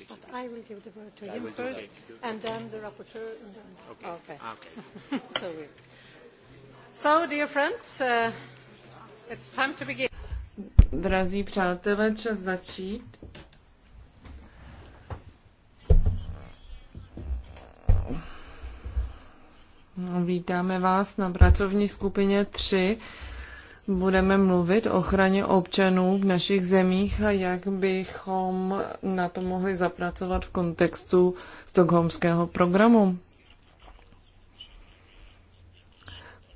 yes, but I will give the word to yeah, him first, and then the rapporteur. And then okay. Okay. Ah, okay. so, we... so, dear friends, uh, it's time to begin. Drazí přátelé, čas začít. Vítáme vás na pracovní skupině 3 budeme mluvit o ochraně občanů v našich zemích a jak bychom na to mohli zapracovat v kontextu stokholmského programu.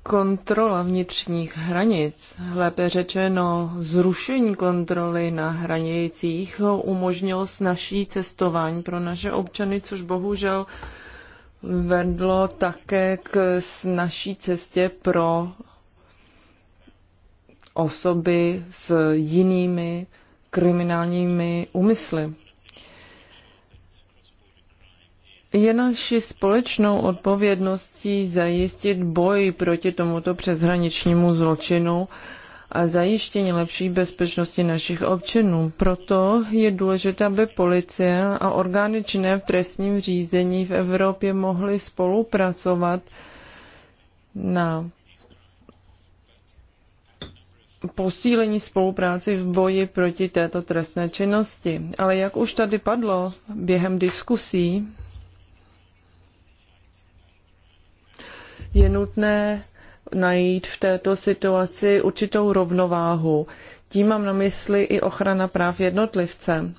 Kontrola vnitřních hranic, lépe řečeno zrušení kontroly na hranicích, umožnilo snažší cestování pro naše občany, což bohužel vedlo také k snažší cestě pro osoby s jinými kriminálními úmysly. Je naší společnou odpovědností zajistit boj proti tomuto přeshraničnímu zločinu a zajištění lepší bezpečnosti našich občanů. Proto je důležité, aby policie a orgány činné v trestním řízení v Evropě mohly spolupracovat na posílení spolupráci v boji proti této trestné činnosti. Ale jak už tady padlo během diskusí, je nutné najít v této situaci určitou rovnováhu. Tím mám na mysli i ochrana práv jednotlivce.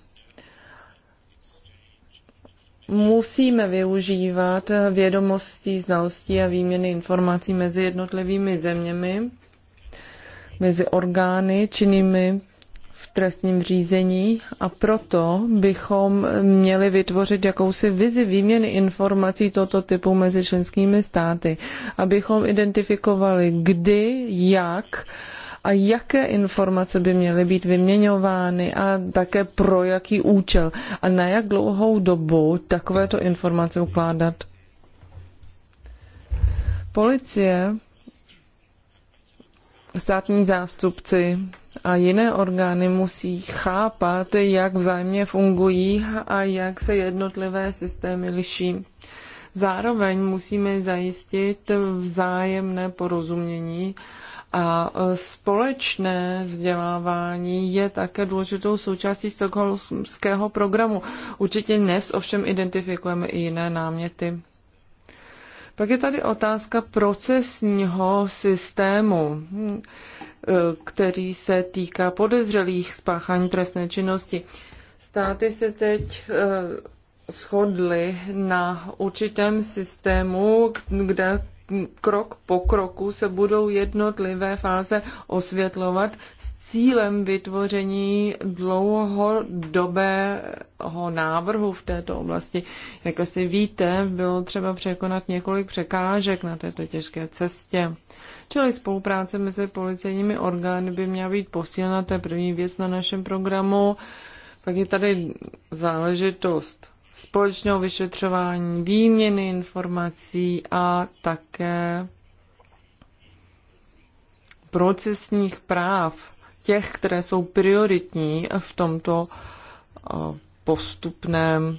Musíme využívat vědomostí, znalostí a výměny informací mezi jednotlivými zeměmi, mezi orgány činnými v trestním řízení a proto bychom měli vytvořit jakousi vizi výměny informací tohoto typu mezi členskými státy, abychom identifikovali, kdy, jak a jaké informace by měly být vyměňovány a také pro jaký účel a na jak dlouhou dobu takovéto informace ukládat. Policie státní zástupci a jiné orgány musí chápat, jak vzájemně fungují a jak se jednotlivé systémy liší. Zároveň musíme zajistit vzájemné porozumění a společné vzdělávání je také důležitou součástí stokholmského programu. Určitě dnes ovšem identifikujeme i jiné náměty. Pak je tady otázka procesního systému, eh, který se týká podezřelých spáchání trestné činnosti. Státy se teď eh, shodly na určitém systému, kde krok po kroku se budou jednotlivé fáze osvětlovat s cílem vytvoření dlouhodobého návrhu v této oblasti. Jak asi víte, bylo třeba překonat několik překážek na této těžké cestě. Čili spolupráce mezi policejními orgány by měla být posílena, to je první věc na našem programu. Pak je tady záležitost společného vyšetřování, výměny informací a také procesních práv těch, které jsou prioritní v tomto eh, postupném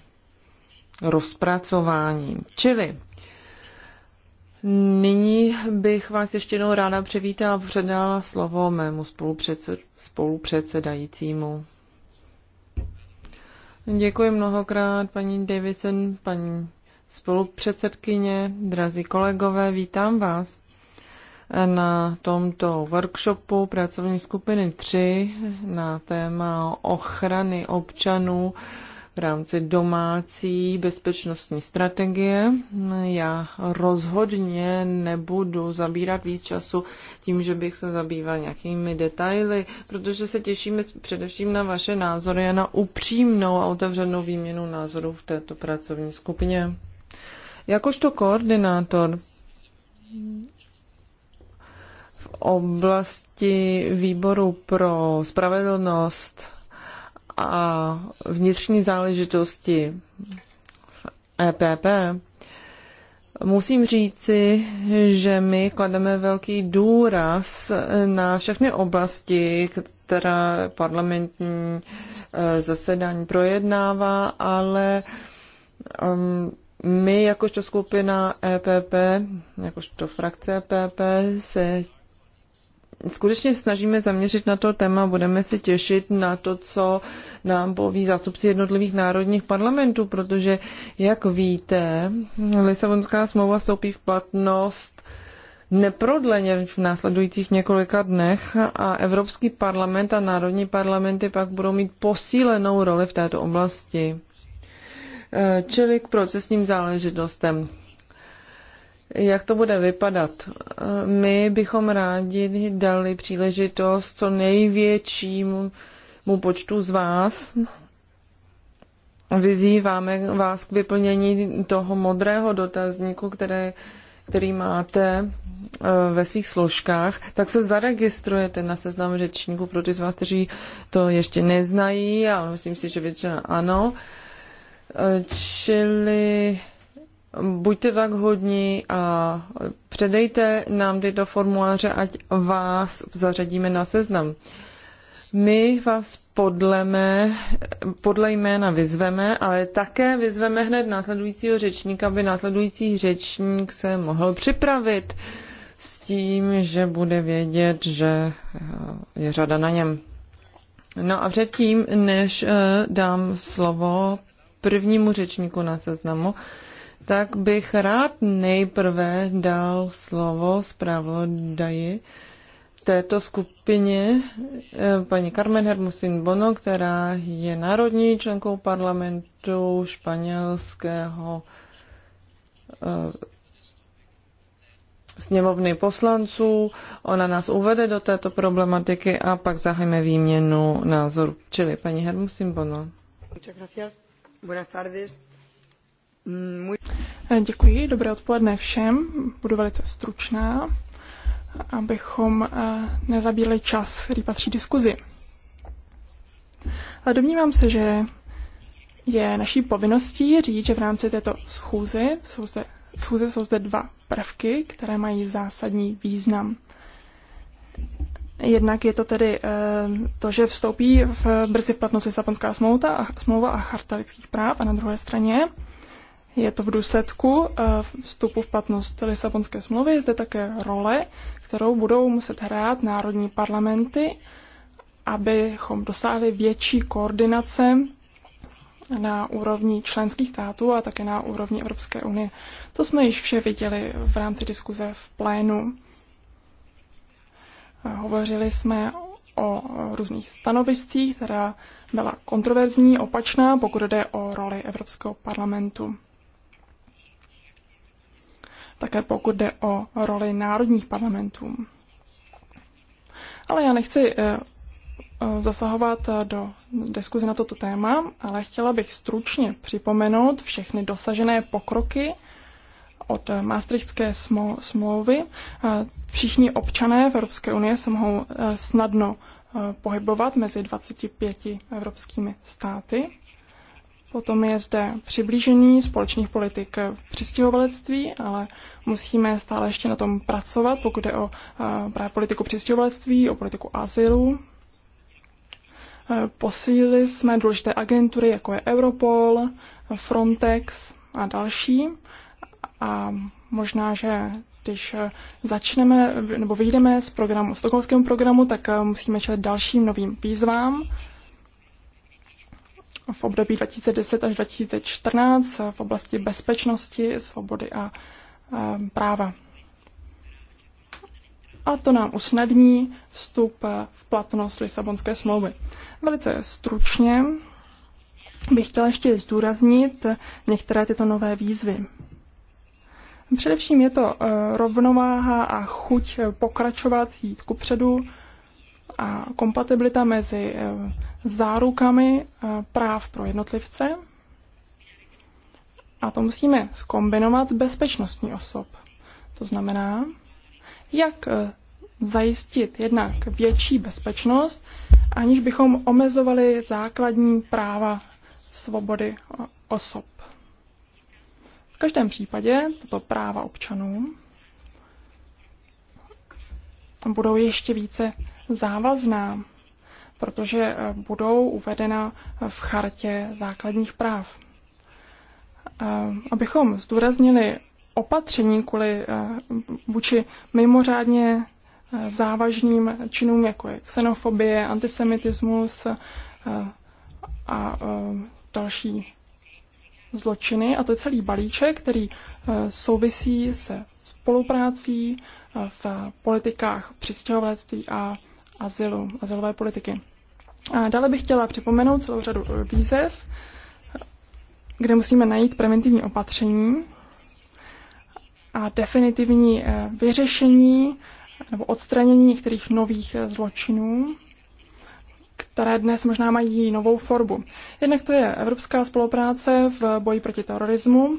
rozpracování. Čili nyní bych vás ještě jednou ráda přivítala a předala slovo mému spolupředsed, spolupředsedajícímu. Děkuji mnohokrát, paní Davidson, paní spolupředsedkyně, drazí kolegové, vítám vás na tomto workshopu pracovní skupiny 3 na téma ochrany občanů v rámci domácí bezpečnostní strategie. Já rozhodně nebudu zabírat víc času tím, že bych se zabýval nějakými detaily, protože se těšíme především na vaše názory a na upřímnou a otevřenou výměnu názorů v této pracovní skupině. Jakožto koordinátor oblasti výboru pro spravedlnost a vnitřní záležitosti EPP, musím říci, že my klademe velký důraz na všechny oblasti, která parlamentní e, zasedání projednává, ale um, my jakožto skupina EPP, jakožto frakce EPP se skutečně snažíme zaměřit na to téma. Budeme se těšit na to, co nám poví zástupci jednotlivých národních parlamentů, protože, jak víte, Lisabonská smlouva stoupí v platnost neprodleně v následujících několika dnech a Evropský parlament a národní parlamenty pak budou mít posílenou roli v této oblasti. E, čili k procesním záležitostem jak to bude vypadat. My bychom rádi dali příležitost co největšímu počtu z vás. Vyzýváme vás k vyplnění toho modrého dotazníku, které, který máte eh, ve svých složkách, tak se zaregistrujete na seznam řečníků pro ty z vás, kteří to ještě neznají, ale myslím si, že většina ano. Eh, čili buďte tak hodní a předejte nám tyto formuláře, ať vás zařadíme na seznam. My vás podleme, podle jména vyzveme, ale také vyzveme hned následujícího řečníka, aby následující řečník se mohl připravit s tím, že bude vědět, že eh, je řada na něm. No a předtím, než eh, dám slovo prvnímu řečníku na seznamu, tak bych rád nejprve dal slovo zpravodaji této skupině eh, paní Carmen Hermusin Bono, která je národní členkou parlamentu španělského eh, sněmovny poslanců. Ona nás uvede do této problematiky a pak zahajme výměnu názoru. Čili paní Hermusin Bono. Muchas gracias. Buenas tardes. Děkuji, dobré odpoledne všem. Budu velice stručná, abychom eh, nezabíjeli čas, který patří diskuzi. A domnívám se, že je naší povinností říct, že v rámci této schůze jsou zde, schůze jsou zde dva prvky, které mají zásadní význam. Jednak je to tedy eh, to, že vstoupí v brzy v platnost Lisabonská smlouva a charta lidských práv a na druhé straně je to v důsledku eh, vstupu v platnost Lisabonské smlouvy, je zde také role, kterou budou muset hrát národní parlamenty, abychom dosáhli větší koordinace na úrovni členských států a také na úrovni Evropské unie. To jsme již vše viděli v rámci diskuze v plénu. Eh, hovořili jsme o různých stanoviscích, která byla kontroverzní, opačná, pokud jde o roli Evropského parlamentu také pokud jde o roli národních parlamentů. Ale já nechci eh, eh, zasahovat eh, do diskuze na toto téma, ale chtěla bych stručně připomenout všechny dosažené pokroky od Maastrichtské smlouvy. Všichni občané v Evropské unie se mohou snadno pohybovat mezi 25 evropskými státy. Potom je zde přiblížení společných politik přistěhovalectví, ale musíme stále ještě na tom pracovat, pokud jde o eh, právě politiku přistěhovalectví, o politiku azylu. Eh, posílili jsme důležité agentury, jako je Europol, Frontex a další. A možná, že když eh, začneme nebo vyjdeme z programu, z programu, tak musíme čelit dalším novým výzvám v období 2010 až 2014 v oblasti bezpečnosti, svobody a práva. A to nám usnadní vstup v platnost Lisabonské smlouvy. Velice stručně bych chtěla ještě zdůraznit některé tyto nové výzvy. Především je to e, rovnováha a chuť pokračovat, jít kupředu předu a kompatibilita mezi eh, zárukami eh, práv pro jednotlivce a to musíme skombinovat s bezpečnostní osob. To znamená, jak eh, zajistit jednak větší bezpečnost, aniž bychom omezovali základní práva svobody osob. V každém případě toto práva občanů budou ještě více závazná, protože eh, budou uvedena eh, v chartě základních práv. Eh, abychom zdůraznili opatření kvůli vůči mimořádně závažným činům, jako je xenofobie, antisemitismus a další zločiny. A to je celý balíček, který souvisí se spoluprácí v politikách přistěhovalectví a azylu, azylové politiky. A dále bych chtěla připomenout celou řadu výzev, kde musíme najít preventivní opatření a definitivní eh, vyřešení nebo odstranění některých nových eh, zločinů, které dnes možná mají novou formu. Jednak to je evropská spolupráce v boji proti terorismu.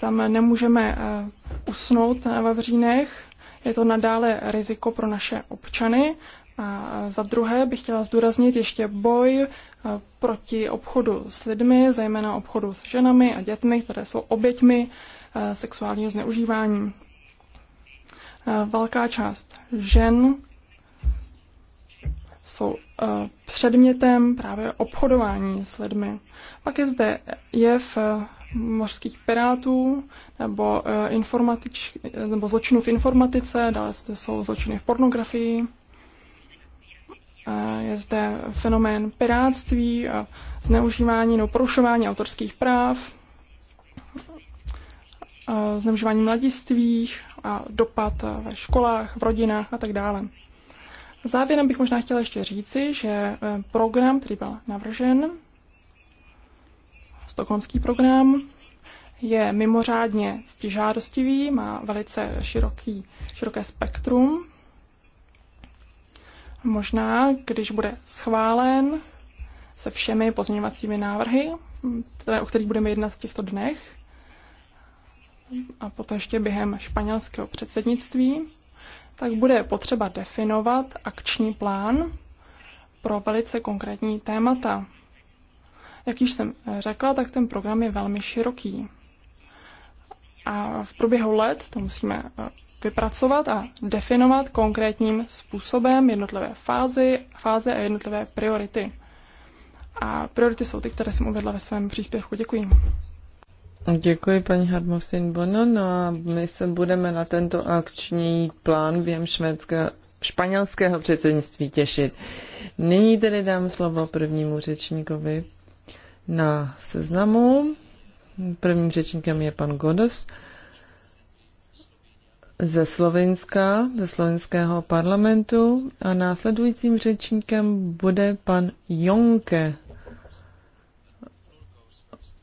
Tam nemůžeme eh, usnout na Vavřínech. Je to nadále riziko pro naše občany, a za druhé bych chtěla zdůraznit ještě boj e, proti obchodu s lidmi, zejména obchodu s ženami a dětmi, které jsou oběťmi e, sexuálního zneužívání. E, velká část žen jsou předmětem právě obchodování s lidmi. Pak je zde jev mořských pirátů nebo, informatič, nebo zločinů v informatice, dále jsou zločiny v pornografii je zde fenomén pirátství, a zneužívání nebo porušování autorských práv, zneužívání mladistvých a dopad ve školách, v rodinách a tak dále. Závěrem bych možná chtěla ještě říci, že e, program, který byl navržen, stokholmský program, je mimořádně stižádostivý, má velice široký, široké spektrum Možná, když bude schválen se všemi pozměňovacími návrhy, které, o kterých budeme jednat v těchto dnech, a poté ještě během španělského předsednictví, tak bude potřeba definovat akční plán pro velice konkrétní témata. Jak již jsem řekla, tak ten program je velmi široký. A v průběhu let to musíme vypracovat a definovat konkrétním způsobem jednotlivé fázy, fáze a jednotlivé priority. A priority jsou ty, které jsem uvedla ve svém příspěvku. Děkuji. Děkuji, paní Harmosin Bono. No a my se budeme na tento akční plán během švédského, španělského předsednictví těšit. Nyní tedy dám slovo prvnímu řečníkovi na seznamu. Prvním řečníkem je pan Godos ze Slovenska, ze slovenského parlamentu a následujícím řečníkem bude pan Jonke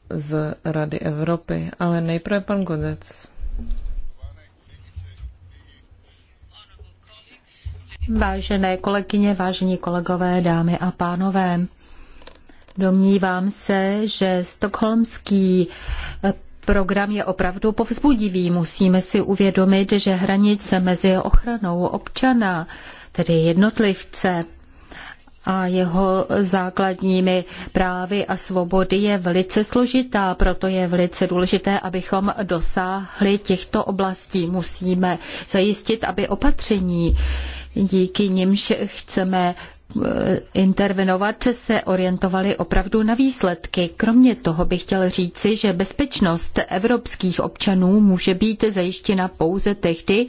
z Rady Evropy, ale nejprve pan Godec. Vážené kolegyně, vážení kolegové, dámy a pánové, domnívám se, že stokholmský program je opravdu povzbudivý. Musíme si uvědomit, že hranice mezi ochranou občana, tedy jednotlivce, a jeho základními právy a svobody je velice složitá, proto je velice důležité, abychom dosáhli těchto oblastí. Musíme zajistit, aby opatření, díky nimž chceme Eh, intervenovat, se orientovali opravdu na výsledky. Kromě toho bych chtěl říci, že bezpečnost evropských občanů může být zajištěna pouze tehdy,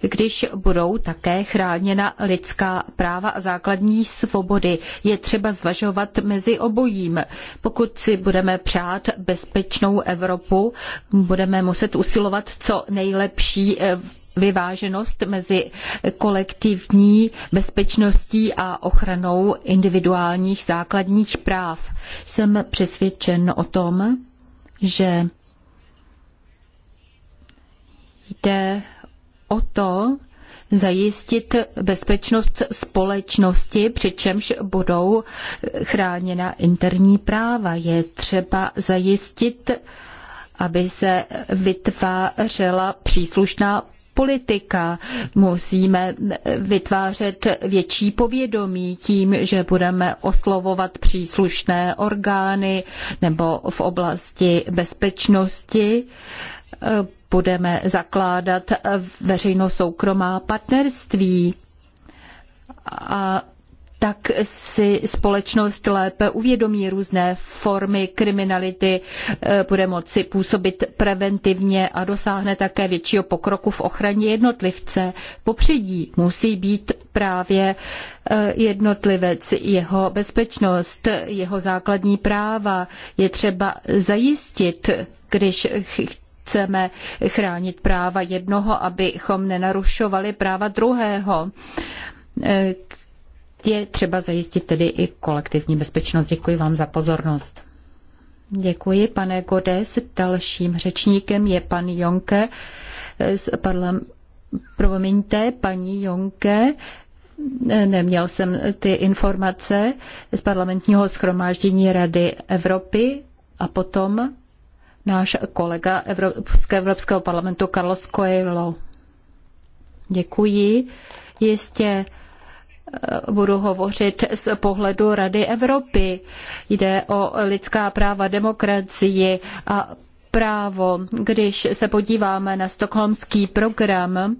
když budou také chráněna lidská práva a základní svobody. Je třeba zvažovat mezi obojím. Pokud si budeme přát bezpečnou Evropu, budeme muset usilovat co nejlepší eh, vyváženost mezi kolektivní bezpečností a ochranou individuálních základních práv. Jsem přesvědčen o tom, že jde o to, zajistit bezpečnost společnosti, přičemž budou chráněna interní práva. Je třeba zajistit, aby se vytvářela příslušná politika. Musíme vytvářet větší povědomí tím, že budeme oslovovat příslušné orgány nebo v oblasti bezpečnosti budeme zakládat veřejno-soukromá partnerství a tak si společnost lépe uvědomí různé formy kriminality, e, bude moci působit preventivně a dosáhne také většího pokroku v ochraně jednotlivce. Popředí musí být právě e, jednotlivec, jeho bezpečnost, jeho základní práva je třeba zajistit, když chceme chránit práva jednoho, abychom nenarušovali práva druhého e, je třeba zajistit tedy i kolektivní bezpečnost. Děkuji vám za pozornost. Děkuji, pane Godes. Dalším řečníkem je pan Jonke z Promiňte, paní Jonke, neměl jsem ty informace z parlamentního schromáždění Rady Evropy a potom náš kolega Evropské, Evropského parlamentu Carlos Coelho. Děkuji. Jistě budu hovořit z pohledu Rady Evropy. Jde o lidská práva, demokracii a právo. Když se podíváme na stokholmský program, eh,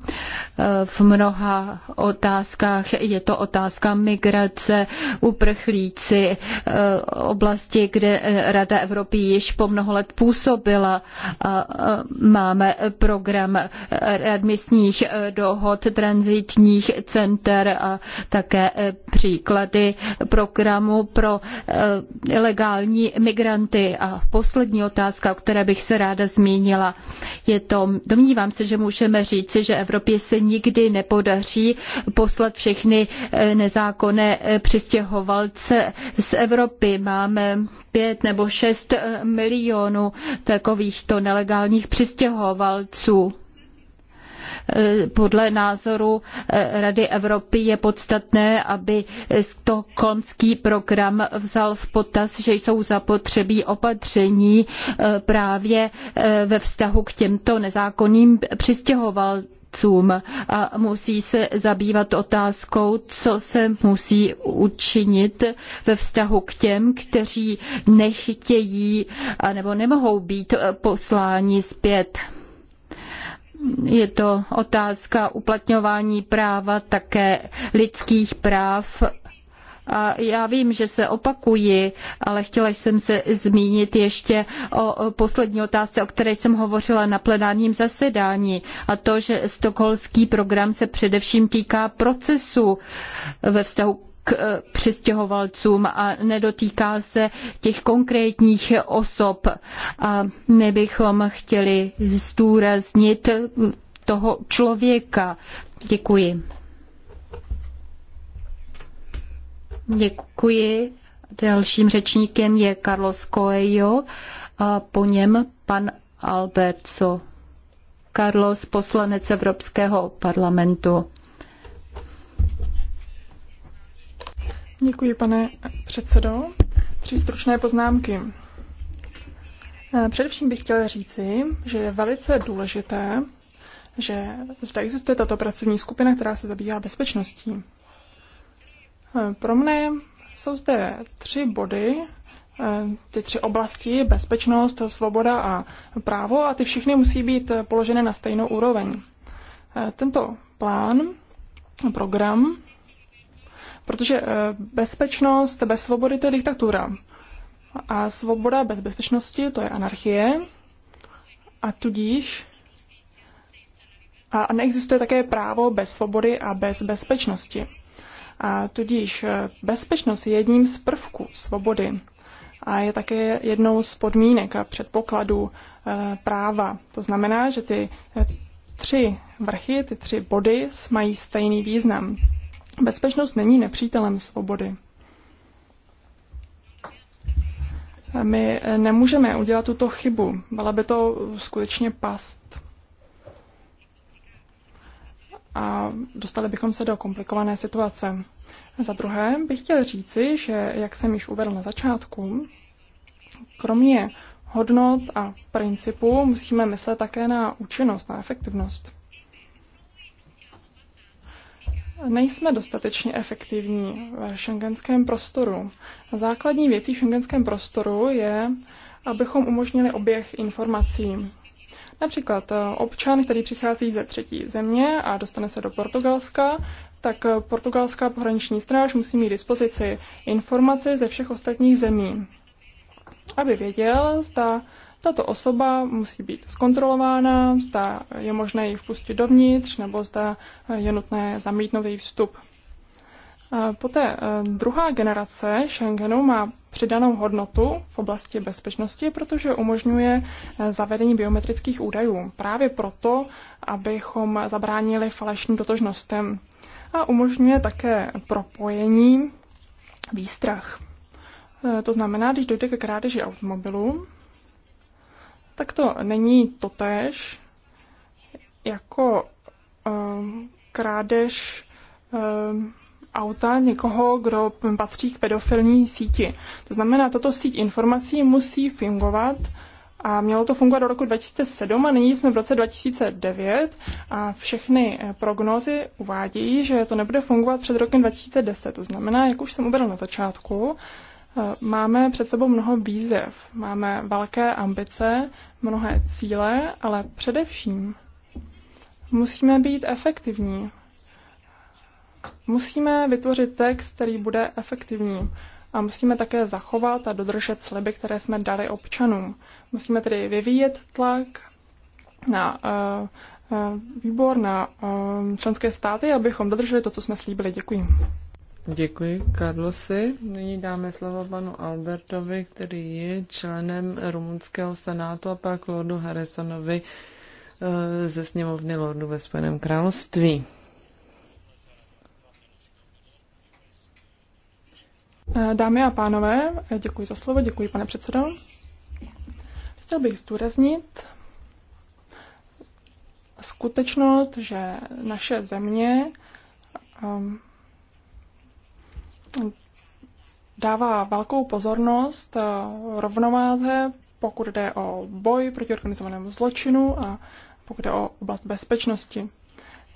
v mnoha otázkách je to otázka migrace, uprchlíci, eh, oblasti, kde eh, Rada Evropy již po mnoho let působila. Máme program readmisních dohod, transitních center a také příklady programu pro ilegální migranty. A poslední otázka, o které bych se ráda zmínila. Je to, domnívám se, že můžeme říci, že Evropě se nikdy nepodaří poslat všechny eh, nezákonné eh, přistěhovalce z Evropy. Máme pět nebo šest eh, milionů takovýchto nelegálních přistěhovalců. Eh, podle názoru eh, Rady Evropy je podstatné, aby stokholmský program vzal v potaz, že jsou zapotřebí opatření eh, právě ve vztahu k těmto nezákonným přistěhovalcům a musí se zabývat otázkou, co se musí učinit ve vztahu k těm, kteří nechtějí nebo nemohou být posláni zpět je to otázka uplatňování práva, také lidských práv. A já vím, že se opakuji, ale chtěla jsem se zmínit ještě o poslední otázce, o které jsem hovořila na plenárním zasedání. A to, že stokholský program se především týká procesu ve vztahu k eh, přistěhovalcům a nedotýká se těch konkrétních osob. A my bychom chtěli zdůraznit toho člověka. Děkuji. Děkuji. Dalším řečníkem je Carlos Coelho a po něm pan Alberto Carlos, poslanec Evropského parlamentu. Děkuji, pane předsedo. Tři stručné poznámky. Eh, především bych chtěla říci, že je velice důležité, že zde existuje tato pracovní skupina, která se zabývá bezpečností. Eh, pro mne jsou zde tři body, eh, ty tři oblasti, bezpečnost, svoboda a právo, a ty všechny musí být položeny na stejnou úroveň. Tento plán, program, Protože eh, bezpečnost bez svobody to je diktatura. A svoboda bez bezpečnosti to je anarchie. A tudíž a neexistuje také právo bez svobody a bez bezpečnosti. A tudíž eh, bezpečnost je jedním z prvků svobody a je také jednou z podmínek a předpokladů eh, práva. To znamená, že ty tři vrchy, ty tři body mají stejný význam. Bezpečnost není nepřítelem svobody. My nemůžeme udělat tuto chybu. Byla by to skutečně past. A dostali bychom se do komplikované situace. Za druhé bych chtěl říci, že, jak jsem již uvedl na začátku, kromě hodnot a principů musíme myslet také na účinnost, na efektivnost nejsme dostatečně efektivní v šengenském prostoru. Základní věcí v šengenském prostoru je, abychom umožnili oběh informací. Například eh, občan, který přichází ze třetí země a dostane se do Portugalska, tak eh, portugalská pohraniční stráž musí mít dispozici informace ze všech ostatních zemí, aby věděl, zda tato osoba musí být zkontrolována, zda je možné ji vpustit dovnitř nebo zda eh, je nutné zamítnout její vstup. Eh, poté eh, druhá generace Schengenu má přidanou hodnotu v oblasti bezpečnosti, protože umožňuje zavedení biometrických údajů. Právě proto, abychom zabránili falešným totožnostem. A umožňuje také propojení výstrach. To znamená, když dojde ke krádeži automobilu, tak to není totéž jako uh, krádež uh, auta někoho, kdo patří k pedofilní síti. To znamená, tato síť informací musí fungovat a mělo to fungovat do roku 2007 a nyní jsme v roce 2009 a všechny eh, prognózy uvádějí, že to nebude fungovat před rokem 2010. To znamená, jak už jsem uvedl na začátku, Eh, máme před sebou mnoho výzev, máme velké ambice, mnohé cíle, ale především musíme být efektivní. Musíme vytvořit text, který bude efektivní. A musíme také zachovat a dodržet sliby, které jsme dali občanům. Musíme tedy vyvíjet tlak na uh, uh, výbor, na uh, členské státy, abychom dodrželi to, co jsme slíbili. Děkuji. Děkuji, Karlosi. Nyní dáme slovo panu Albertovi, který je členem rumunského senátu a pak Lordu Harrisonovi eh, ze sněmovny Lordu ve Spojeném království. Eh, dámy a pánové, eh, děkuji za slovo, děkuji pane předsedo. Chtěl bych zdůraznit skutečnost, že naše země um, dává velkou pozornost eh, rovnováze, pokud jde o boj proti organizovanému zločinu a pokud jde o oblast bezpečnosti.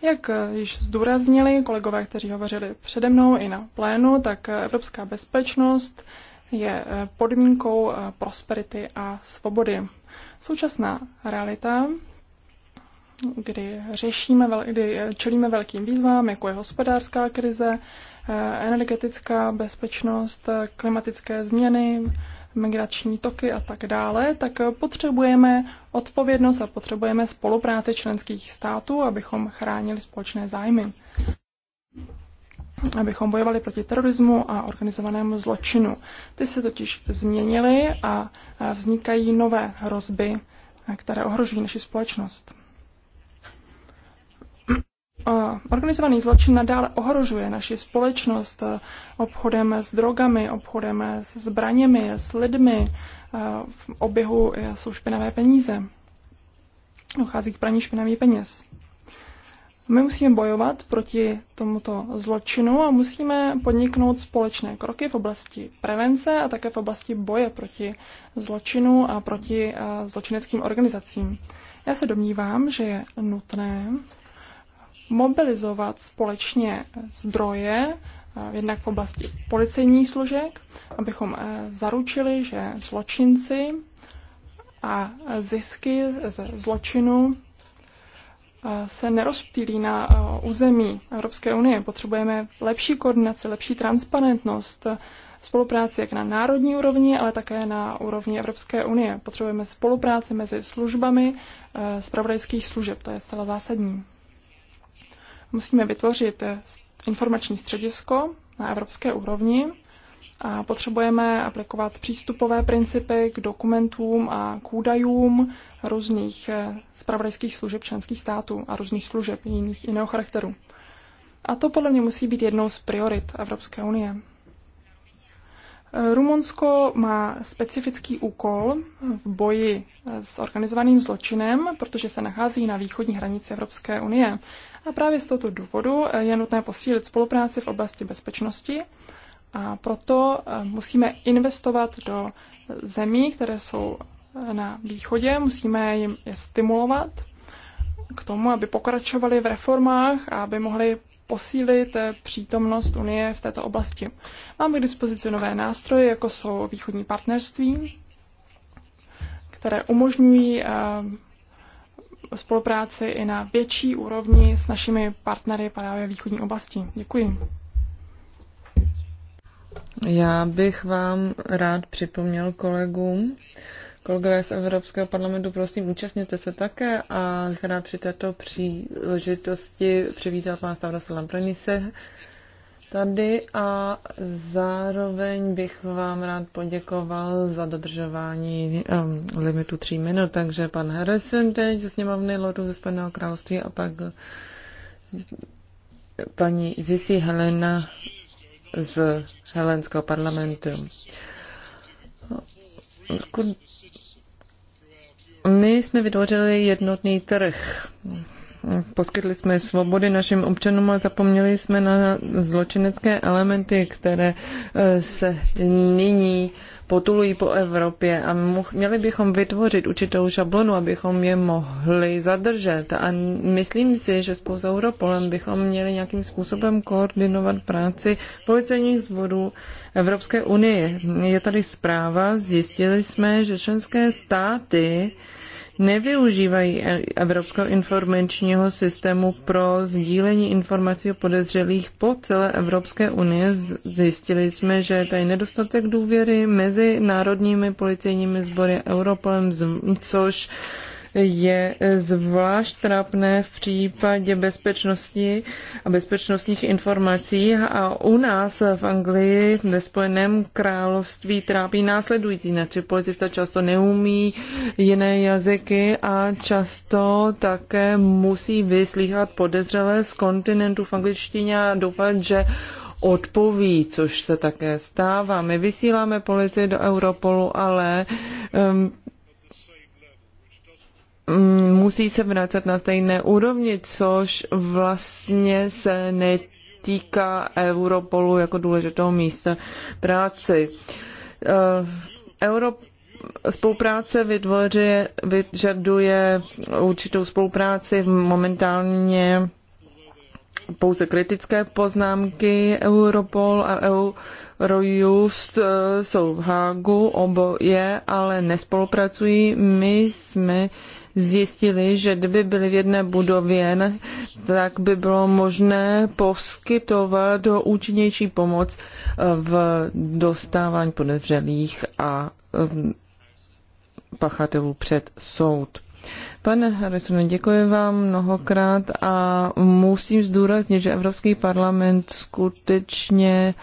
Jak eh, již zdůraznili kolegové, kteří hovořili přede mnou i na plénu, tak eh, evropská bezpečnost je podmínkou prosperity a svobody. Současná realita, kdy, řešíme, kdy čelíme velkým výzvám, jako je hospodářská krize, Eh, energetická bezpečnost, eh, klimatické změny, migrační toky a tak dále, tak eh, potřebujeme odpovědnost a potřebujeme spolupráci členských států, abychom chránili společné zájmy. Abychom bojovali proti terorismu a organizovanému zločinu. Ty se totiž změnily a vznikají nové hrozby, které ohrožují naši společnost. Organizovaný zločin nadále ohrožuje naši společnost eh, obchodem s drogami, obchodem s zbraněmi, s lidmi, eh, v oběhu eh, jsou špinavé peníze. Dochází k praní špinavých peněz. My musíme bojovat proti tomuto zločinu a musíme podniknout společné kroky v oblasti prevence a také v oblasti boje proti zločinu a proti zločineckým organizacím. Já se domnívám, že je nutné mobilizovat společně zdroje, eh, jednak v oblasti policejních složek, abychom eh, zaručili, že zločinci a zisky ze zločinu eh, se nerozptýlí na území Evropské unie. Potřebujeme lepší koordinaci, lepší transparentnost, spolupráci jak na národní úrovni, ale také na úrovni Evropské unie. Potřebujeme spolupráci mezi službami spravodajských služeb, to je zcela zásadní. Musíme vytvořit eh, informační středisko na evropské úrovni a potřebujeme aplikovat přístupové principy k dokumentům a k údajům různých spravodajských eh, služeb členských států a různých služeb jiných, jiného charakteru. A to podle mě musí být jednou z priorit Evropské unie. Rumunsko má specifický úkol v boji s organizovaným zločinem, protože se nachází na východní hranici Evropské unie. A právě z tohoto důvodu je nutné posílit spolupráci v oblasti bezpečnosti a proto eh, musíme investovat do zemí, které jsou eh, na východě, musíme jim je stimulovat k tomu, aby pokračovali v reformách a aby mohli posílit eh, přítomnost Unie v této oblasti. Máme k dispozici nové nástroje, jako jsou východní partnerství, které umožňují eh, spolupráci i na větší úrovni s našimi partnery právě východní oblasti. Děkuji. Já bych vám rád připomněl kolegům, Kolegové z Evropského parlamentu, prosím, účastněte se také a rád při této příležitosti přivítal pana Stavrose Lampranise tady a zároveň bych vám rád poděkoval za dodržování um, limitu tří minut. Takže pan Harrison teď ze sněmovny Lordů ze Spojeného království a pak paní Zisi Helena z Helenského parlamentu. My jsme vytvořili jednotný trh. Poskytli jsme svobody našim občanům, a zapomněli jsme na zločinecké elementy, které eh, se nyní potulují po Evropě a měli bychom vytvořit určitou šablonu, abychom je mohli zadržet. A myslím si, že spolu s Europolem bychom měli nějakým způsobem koordinovat práci policejních zborů Evropské unie. Je tady zpráva, zjistili jsme, že členské státy nevyužívají Evropského informačního systému pro sdílení informací o podezřelých po celé Evropské unii. Zjistili jsme, že je tady nedostatek důvěry mezi národními policejními sbory Europolem, což je zvlášť trápné v případě bezpečnosti a bezpečnostních informací a u nás v Anglii, ve Spojeném království trápí následující. Naši policista často neumí jiné jazyky a často také musí vyslíhat podezřelé z kontinentu v angličtině a doufat, že odpoví, což se také stává. My vysíláme policii do Europolu, ale um, Mm, musí se vracet na stejné úrovni, což vlastně se netýká Europolu jako důležitého místa práci. Eh, Euro, spolupráce vytvoře, vyžaduje určitou spolupráci momentálně pouze kritické poznámky Europol a Eurojust eh, jsou v Hágu oboje, ale nespolupracují. My jsme zjistili, že kdyby byly v jedné budově, tak by bylo možné poskytovat do účinnější pomoc eh, v dostávání podezřelých a eh, pachatelů před soud. Pane Harrison, děkuji vám mnohokrát a musím zdůraznit, že Evropský parlament skutečně uh,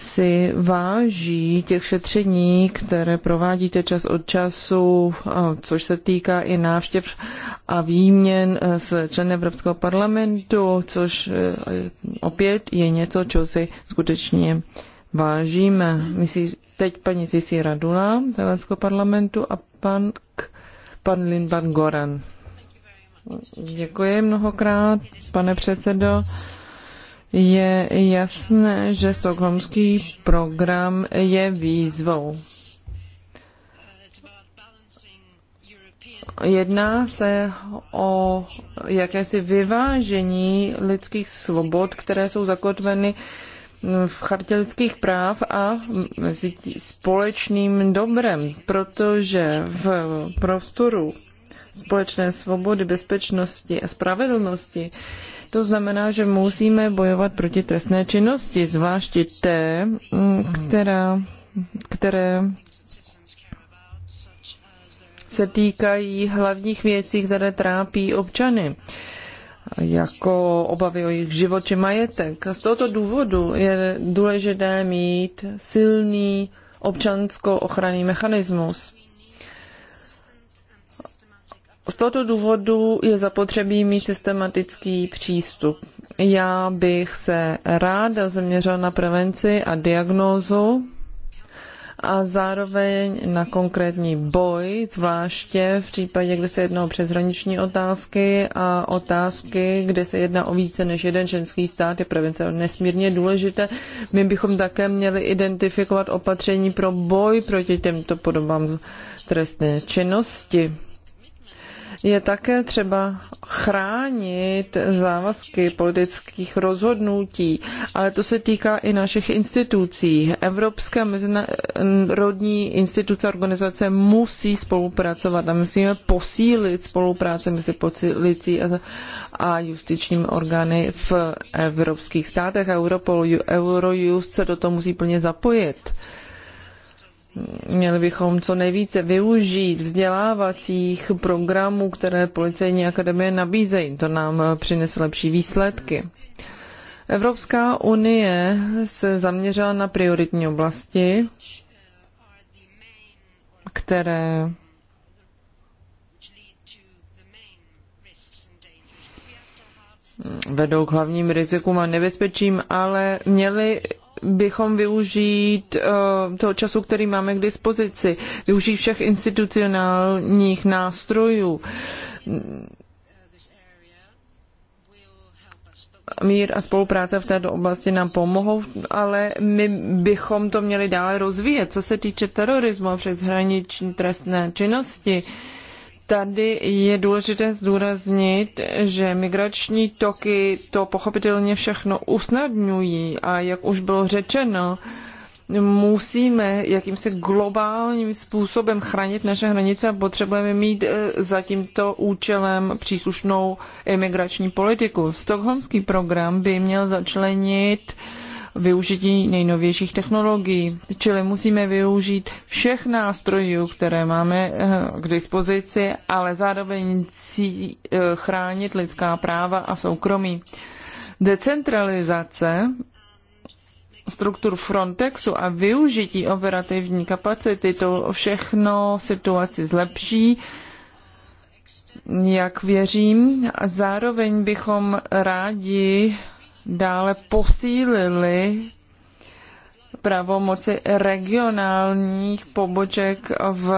si váží těch šetření, které provádíte čas od času, eh, což se týká i návštěv a výměn eh, s členy Evropského parlamentu, což eh, opět je něco, čeho si skutečně vážíme. Myslí teď paní Sisi Radula Evropského parlamentu a pan, pan Lindban Goran. Děkuji mnohokrát, pane předsedo. Je jasné, že stokholmský program je výzvou. Jedná se o jakési vyvážení lidských svobod, které jsou zakotveny v chartě lidských práv a mezi společným dobrem, protože v prostoru společné svobody, bezpečnosti a spravedlnosti to znamená, že musíme bojovat proti trestné činnosti, zvláště té, mm, která, které se týkají hlavních věcí, které trápí občany jako obavy o jejich život či majetek. Z tohoto důvodu je důležité mít silný občansko-ochranný mechanismus. Z tohoto důvodu je zapotřebí mít systematický přístup. Já bych se ráda zaměřila na prevenci a diagnózu a zároveň na konkrétní boj, zvláště v případě, kde se jedná o přeshraniční otázky a otázky, kde se jedná o více než jeden ženský stát, je prevence nesmírně důležité. My bychom také měli identifikovat opatření pro boj proti těmto podobám trestné činnosti. Je také třeba chránit závazky politických rozhodnutí, ale to se týká i našich institucí. Evropské mezinárodní instituce a organizace musí spolupracovat a musíme posílit spolupráci mezi policií a, a justičními orgány v evropských státech. Europol, Eurojust se do toho musí plně zapojit. Měli bychom co nejvíce využít vzdělávacích programů, které policejní akademie nabízejí. To nám přinese lepší výsledky. Evropská unie se zaměřila na prioritní oblasti, které vedou k hlavním rizikům a nebezpečím, ale měli bychom využít uh, toho času, který máme k dispozici, využít všech institucionálních nástrojů. mír a spolupráce v této oblasti nám pomohou, ale my bychom to měli dále rozvíjet. Co se týče terorismu a přeshraniční trestné činnosti, uh, Tady je důležité zdůraznit, že migrační toky to pochopitelně všechno usnadňují a jak už bylo řečeno, musíme jakýmsi globálním způsobem chránit naše hranice a potřebujeme mít eh, za tímto účelem příslušnou imigrační politiku. Stockholmský program by měl začlenit využití nejnovějších technologií. Čili musíme využít všech nástrojů, které máme eh, k dispozici, ale zároveň cí, eh, chránit lidská práva a soukromí. Decentralizace struktur Frontexu a využití operativní kapacity, to všechno situaci zlepší, jak věřím. A zároveň bychom rádi dále posílili pravomoci regionálních poboček v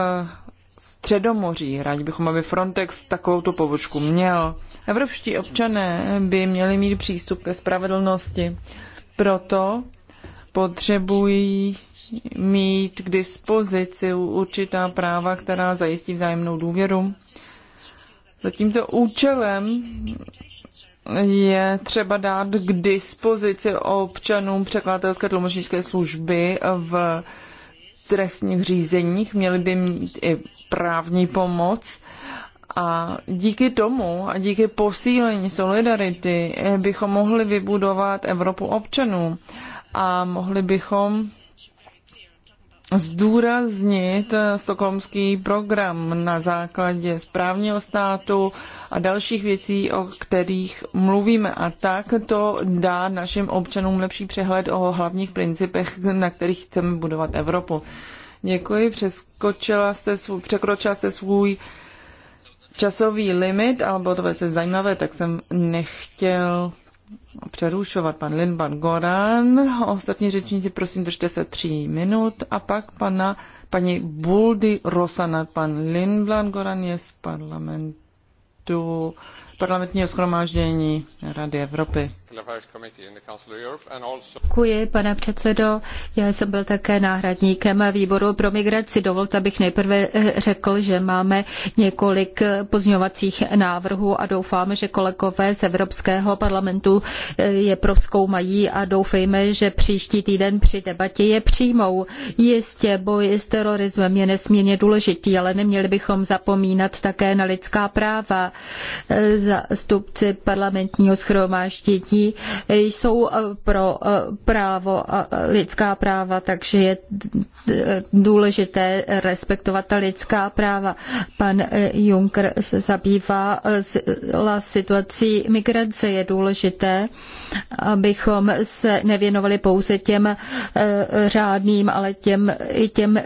Středomoří. Rádi bychom, aby Frontex takovou tu pobočku měl. Evropští občané by měli mít přístup ke spravedlnosti. Proto potřebují mít k dispozici určitá práva, která zajistí vzájemnou důvěru. Za tímto účelem je třeba dát k dispozici občanům překladatelské tlumočnické služby v trestních řízeních, měli by mít i právní pomoc. A díky tomu a díky posílení solidarity bychom mohli vybudovat Evropu občanů a mohli bychom zdůraznit eh, stokholmský program na základě správního státu a dalších věcí, o kterých mluvíme. A tak to dá našim občanům lepší přehled o hlavních principech, na kterých chceme budovat Evropu. Děkuji, přeskočila jste svůj, překročila se svůj časový limit, ale bylo to velice zajímavé, tak jsem nechtěl přerušovat pan Linban Goran. Ostatní řečníci, prosím, držte se tří minut. A pak pana, paní Buldy Rosanat. Pan Linban Goran je z parlamentu parlamentního schromáždění Rady Evropy. Děkuji, pane předsedo. Já jsem byl také náhradníkem výboru pro migraci. Dovolte, abych nejprve eh, řekl, že máme několik eh, pozňovacích návrhů a doufáme, že kolegové z Evropského parlamentu eh, je proskoumají a doufejme, že příští týden při debatě je přijmou. Jistě boj s terorismem je nesmírně důležitý, ale neměli bychom zapomínat také na lidská práva. Z zástupci parlamentního schromáždění jsou eh, pro eh, právo a eh, lidská práva, takže je důležité respektovat ta lidská práva. Pan Juncker se zabývá situací migrace. Je důležité, abychom se nevěnovali pouze těm řádným, ale těm, i těm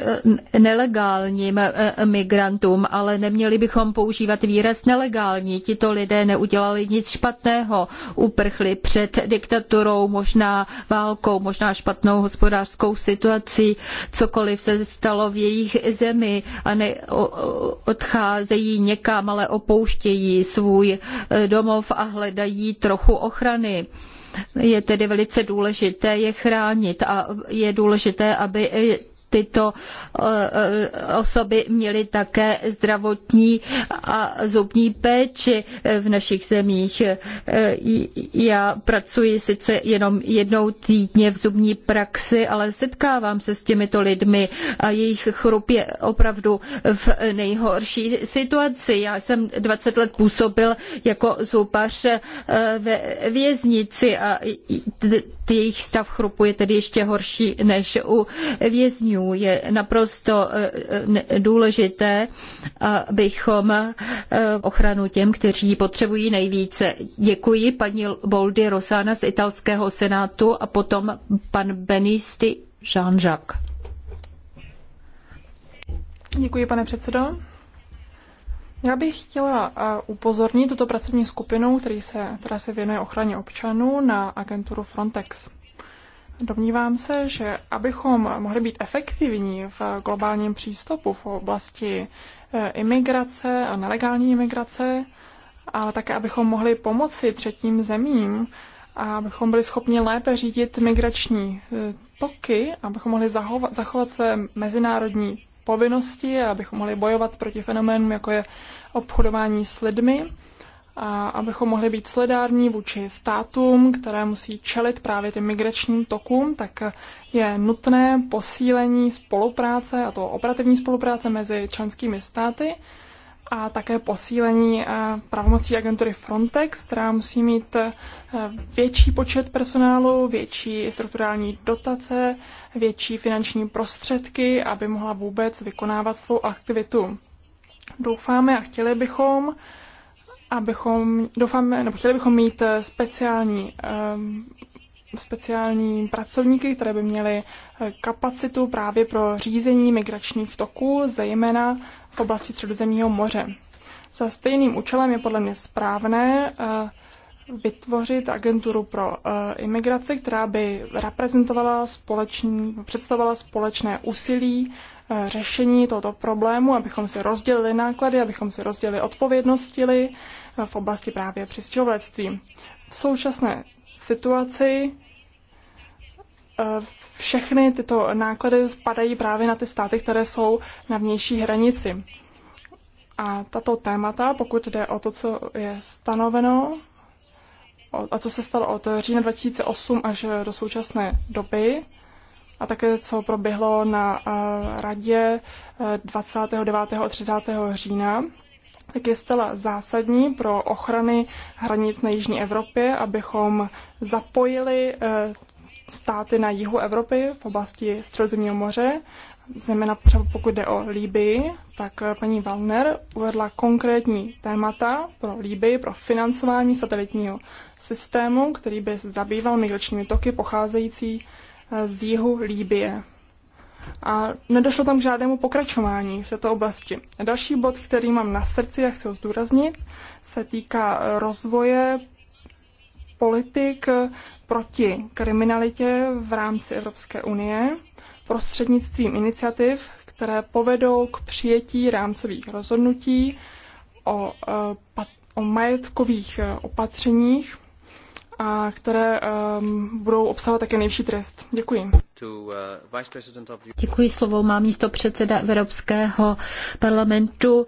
nelegálním migrantům, ale neměli bychom používat výraz nelegální. Tito lidé lidé neudělali nic špatného, uprchli před diktaturou, možná válkou, možná špatnou hospodářskou situací, cokoliv se stalo v jejich zemi a neodcházejí odcházejí někam, ale opouštějí svůj eh, domov a hledají trochu ochrany. Je tedy velice důležité je chránit a je důležité, aby tyto eh, osoby měly také zdravotní a zubní péči v našich zemích. Eh, já pracuji sice jenom jednou týdně v zubní praxi, ale setkávám se s těmito lidmi a jejich chrup je opravdu v nejhorší situaci. Já jsem 20 let působil jako zubař eh, ve věznici a jejich stav chrupu je tedy ještě horší než u vězňů. Je naprosto eh, důležité, abychom eh, ochranu těm, kteří ji potřebují nejvíce. Děkuji paní Boldy Rosana z italského senátu a potom pan Benisti Jean-Jacques. Děkuji, pane předsedo. Já bych chtěla eh, upozornit tuto pracovní skupinu, který se, která se věnuje ochraně občanů, na agenturu Frontex. Domnívám se, že abychom mohli být efektivní v globálním přístupu v oblasti eh, imigrace a nelegální imigrace, ale také abychom mohli pomoci třetím zemím a abychom byli schopni lépe řídit migrační eh, toky, abychom mohli zachovat, zachovat své mezinárodní povinnosti abychom mohli bojovat proti fenoménům, jako je obchodování s lidmi a abychom mohli být solidární vůči státům, které musí čelit právě těm migračním tokům, tak je nutné posílení spolupráce, a to operativní spolupráce mezi členskými státy, a také posílení eh, pravomocí agentury Frontex, která musí mít eh, větší počet personálu, větší strukturální dotace, větší finanční prostředky, aby mohla vůbec vykonávat svou aktivitu. Doufáme a chtěli bychom, abychom, doufáme, nebo chtěli bychom mít eh, speciální speciální pracovníky, které by měly eh, kapacitu právě pro řízení migračních toků, zejména v oblasti Středozemního moře. Za stejným účelem je podle mě správné eh, vytvořit agenturu pro eh, imigraci, která by reprezentovala společný, představovala společné úsilí řešení tohoto problému, abychom si rozdělili náklady, abychom si rozdělili odpovědnosti v oblasti právě přistěhovalectví. V současné situaci všechny tyto náklady spadají právě na ty státy, které jsou na vnější hranici. A tato témata, pokud jde o to, co je stanoveno a co se stalo od října 2008 až do současné doby, a také co proběhlo na eh, radě 29. Eh, a 30. října, tak je stala zásadní pro ochrany hranic na Jižní Evropě, abychom zapojili eh, státy na jihu Evropy v oblasti Středozemního moře, zejména třeba pokud jde o Líbii, tak eh, paní Valner uvedla konkrétní témata pro Líbii, pro financování satelitního systému, který by se zabýval migračními toky pocházející eh, z jihu Líbie. A nedošlo tam k žádnému pokračování v této oblasti. Další bod, který mám na srdci a chci ho zdůraznit, se týká eh, rozvoje politik proti kriminalitě v rámci Evropské unie prostřednictvím iniciativ, které povedou k přijetí rámcových rozhodnutí o, eh, o majetkových eh, opatřeních a které um, budou obsahovat také nejvyšší trest. Děkuji. Eh, Děkuji slovo. Má místo předseda Evropského parlamentu.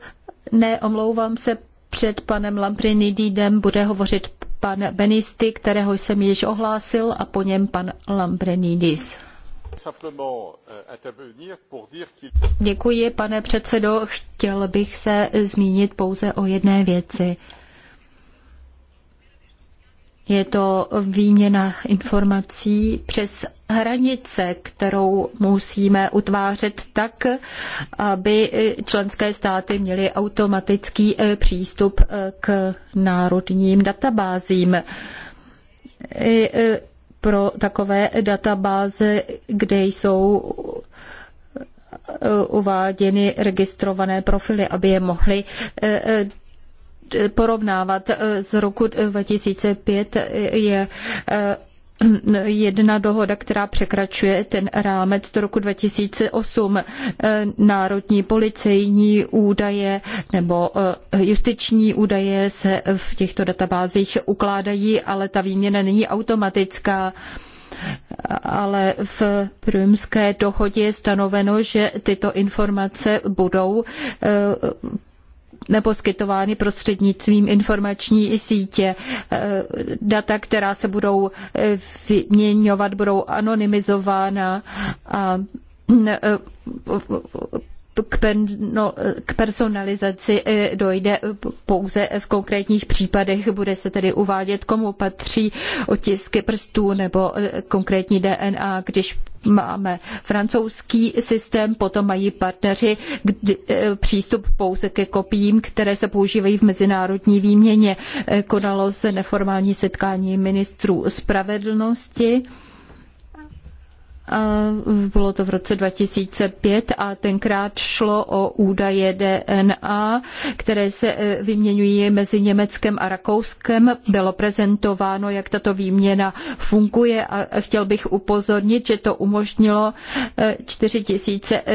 Ne, omlouvám se, před panem Lamprinidídem bude hovořit pan Benisty, kterého jsem již ohlásil, a po něm pan Lambrenidis. Děkuji, pane předsedo. Chtěl bych se zmínit pouze o jedné věci. Je to výměna informací přes hranice, kterou musíme utvářet tak, aby členské státy měly automatický eh, přístup eh, k národním databázím. I eh, pro takové databáze, kde jsou uváděny registrované profily, aby je mohly porovnávat z roku 2005 je jedna dohoda, která překračuje ten rámec do roku 2008, e, národní policejní údaje nebo e, justiční údaje se v těchto databázích ukládají, ale ta výměna není automatická ale v prýmské dohodě je stanoveno, že tyto informace budou e, neposkytovány prostřednictvím informační sítě. E, data, která se budou e, vyměňovat, budou anonymizována a e, k, perno, k personalizaci e, dojde e, pouze v konkrétních případech. Bude se tedy uvádět, komu patří otisky prstů nebo e, konkrétní DNA, když máme francouzský systém, potom mají partneři přístup pouze ke kopiím, které se používají v mezinárodní výměně. Konalo se neformální setkání ministrů spravedlnosti. Bylo to v roce 2005 a tenkrát šlo o údaje DNA, které se e, vyměňují mezi Německem a Rakouskem. Bylo prezentováno, jak tato výměna funguje a chtěl bych upozornit, že to umožnilo 4500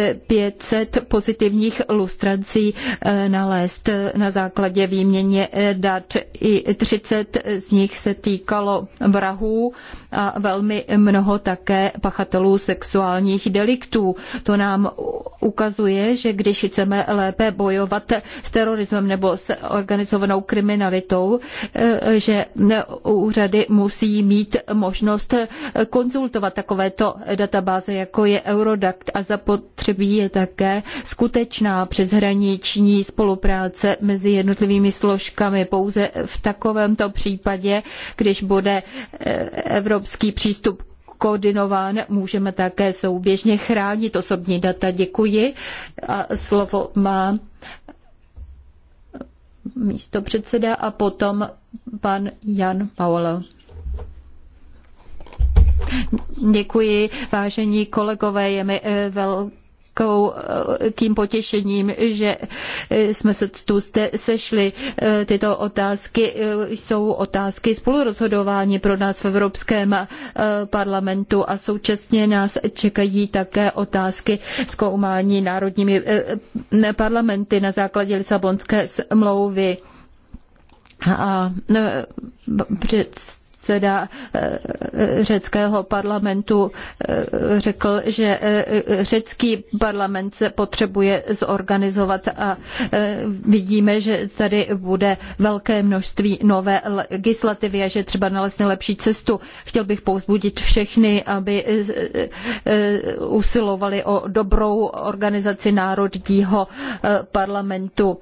e, pozitivních lustrací e, nalézt na základě výměně dat. I 30 z nich se týkalo vrahů a velmi mnoho také pachatelů pachatelů sexuálních deliktů. To nám ukazuje, že když chceme lépe bojovat s terorismem nebo s organizovanou kriminalitou, eh, že úřady musí mít možnost konzultovat takovéto databáze, jako je Eurodact a zapotřebí je také skutečná přeshraniční spolupráce mezi jednotlivými složkami. Pouze v takovémto případě, když bude eh, evropský přístup koordinován, můžeme také souběžně chránit osobní data. Děkuji. A slovo má místo předseda a potom pan Jan Paolo. Děkuji, vážení kolegové, je mi eh, velké Eh, velkým potěšením, že eh, jsme se tu sešli. Eh, tyto otázky jsou otázky spolurozhodování pro nás v Evropském parlamentu a současně nás čekají také otázky zkoumání národními parlamenty na základě Lisabonské smlouvy. A před předseda eh, eh, řeckého parlamentu eh, řekl, že řecký parlament se potřebuje zorganizovat a vidíme, že tady bude velké množství nové legislativy a že třeba nalézt lepší cestu. Chtěl bych pouzbudit všechny, aby usilovali o dobrou organizaci národního parlamentu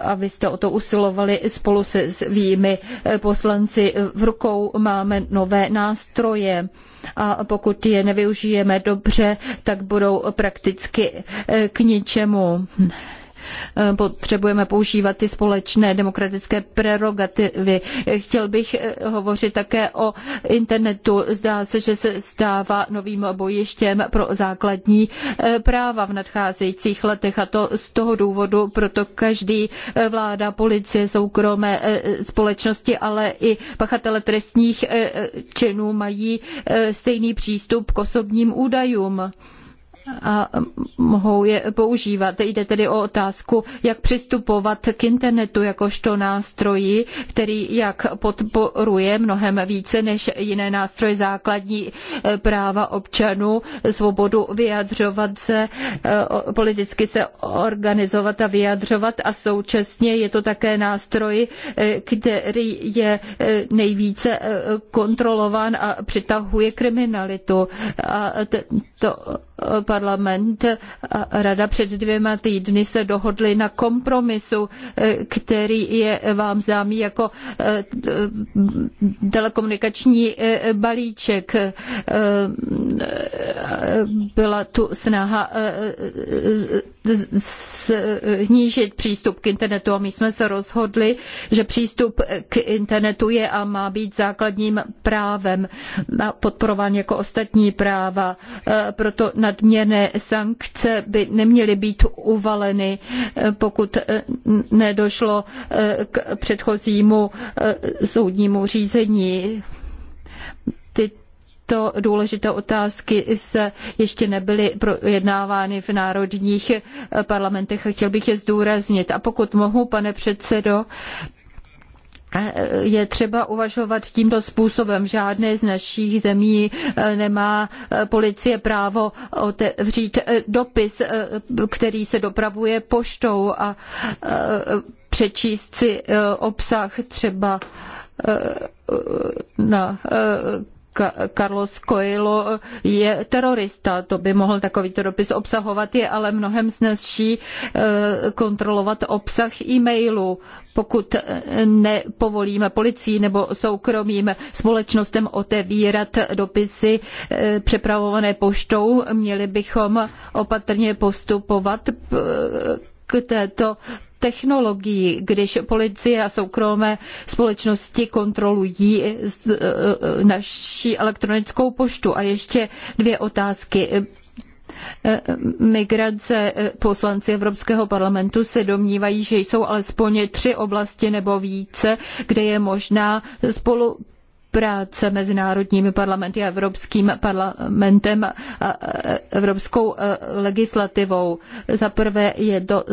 a vy jste o to usilovali spolu se svými poslanci v rukou rukou máme nové nástroje a pokud je nevyužijeme dobře, tak budou prakticky eh, k ničemu. Eh, potřebujeme používat ty společné demokratické prerogativy. Chtěl bych eh, hovořit také o internetu. Zdá se, že se stává novým bojištěm pro základní eh, práva v nadcházejících letech a to z toho důvodu, proto každý vláda, policie, soukromé společnosti, ale i pachatele trestních činů mají stejný přístup k osobním údajům a mohou je používat. Jde tedy o otázku, jak přistupovat k internetu jakožto nástroji, který jak podporuje mnohem více než jiné nástroje základní e, práva občanů, svobodu vyjadřovat se, e, politicky se organizovat a vyjadřovat a současně je to také nástroj, e, který je nejvíce kontrolován a přitahuje kriminalitu. A to eh, parlament a rada před dvěma týdny se dohodli na kompromisu, eh, který je vám známý jako eh, telekomunikační balíček. Byla tu snaha snížit přístup k internetu a my jsme se rozhodli, že přístup k internetu je a má být základním právem podporován jako ostatní práva proto nadměrné sankce by neměly být uvaleny, eh, pokud eh, nedošlo eh, k předchozímu soudnímu řízení. tyto důležité otázky se ještě nebyly projednávány v národních parlamentech a chtěl bych je zdůraznit. A pokud mohu, pane předsedo, E, je třeba uvažovat tímto způsobem. Žádné z našich zemí e, nemá e, policie právo otevřít dopis, který se dopravuje poštou a přečíst si obsah třeba na Carlos Coelho je terorista. To by mohl takovýto dopis obsahovat, je ale mnohem snazší eh, kontrolovat obsah e-mailu, pokud eh, nepovolíme policii nebo soukromým společnostem otevírat dopisy eh, přepravované poštou, měli bychom opatrně postupovat k této technologií, když policie a soukromé společnosti kontrolují e, e, naši elektronickou poštu. A ještě dvě otázky. E, Migrace poslanci Evropského parlamentu se domnívají, že jsou alespoň tři oblasti nebo více, kde je možná spolupráce Práce mezi národními parlamenty a Evropským parlamentem a evropskou e, legislativou. Za prvé je to,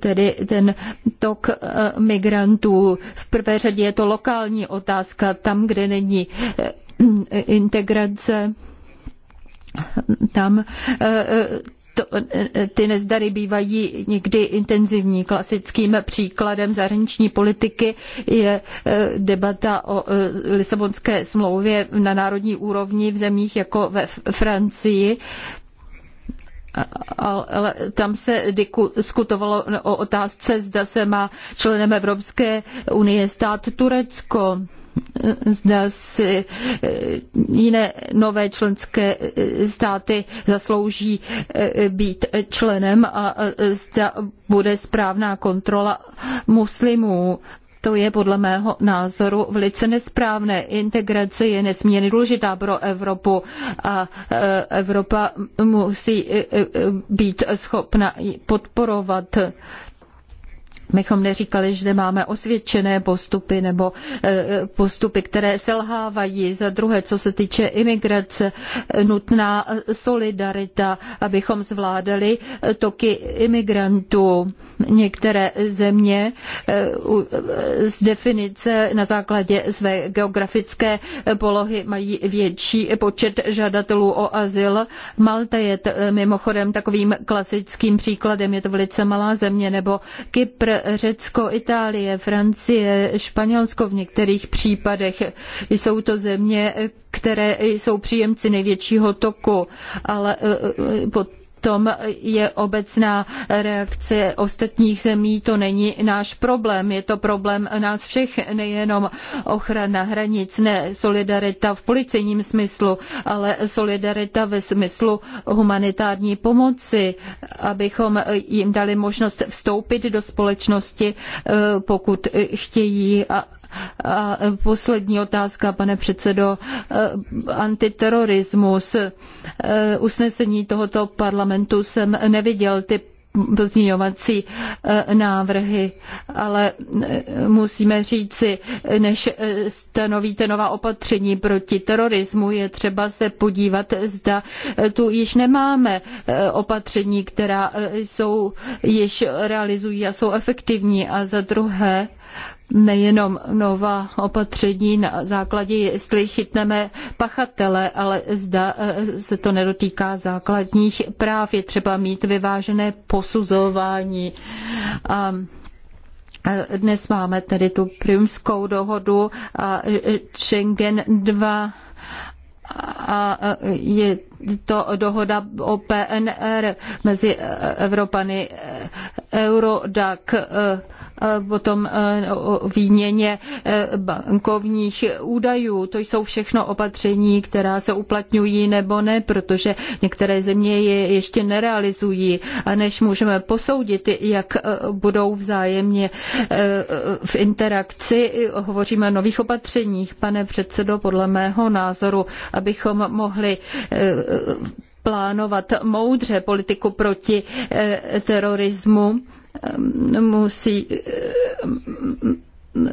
tedy ten tok e, migrantů. V prvé řadě je to lokální otázka, tam, kde není e, integrace tam to, e, e, ty nezdary bývají někdy intenzivní. Klasickým příkladem zahraniční politiky je e, debata o Lisabonské smlouvě na národní úrovni v zemích jako ve Francii, ale tam se diskutovalo o otázce, zda se má členem Evropské unie stát Turecko zda si eh, jiné nové členské eh, státy zaslouží eh, být členem a zda bude správná kontrola muslimů. To je podle mého názoru velice nesprávné. Integrace je nesmírně důležitá pro Evropu a Evropa musí být schopna podporovat bychom neříkali, že nemáme osvědčené postupy nebo eh, postupy, které selhávají. Za druhé, co se týče imigrace, nutná eh, solidarita, abychom zvládali eh, toky imigrantů. Některé země z definice na základě své geografické polohy mají větší počet žadatelů o azyl. Malta je mimochodem takovým klasickým příkladem, je to velice malá země, nebo Kypr Řecko, Itálie, Francie, Španělsko v některých případech. Jsou to země, které jsou příjemci největšího toku, ale eh, eh, pod tom je obecná reakce ostatních zemí, to není náš problém, je to problém nás všech, nejenom ochrana hranic, ne solidarita v policejním smyslu, ale solidarita ve smyslu humanitární pomoci, abychom jim dali možnost vstoupit do společnosti, eh, pokud chtějí a a e, poslední otázka, pane předsedo, e, antiterorismus. E, usnesení tohoto parlamentu jsem neviděl. Ty pozměňovací návrhy, ale musíme říci, než stanovíte nová opatření proti terorismu, je třeba se podívat, zda tu již nemáme opatření, která jsou již realizují a jsou efektivní. A za druhé, nejenom nová opatření na základě, jestli chytneme pachatele, ale zda eh, se to nedotýká základních práv. Je třeba mít vyvážené posuzování. A eh, dnes máme tedy tu Prýmskou dohodu a eh, Schengen 2 a je to dohoda o PNR mezi Evropany, Eurodac, potom eh, o výměně eh, bankovních údajů. To jsou všechno opatření, která se uplatňují nebo ne, protože některé země je ještě nerealizují. A než můžeme posoudit, jak eh, budou vzájemně v interakci, hovoříme o nových opatřeních. Pane předsedo, podle mého názoru, abychom mohli plánovat moudře politiku proti eh, terorismu. Eh, musí eh,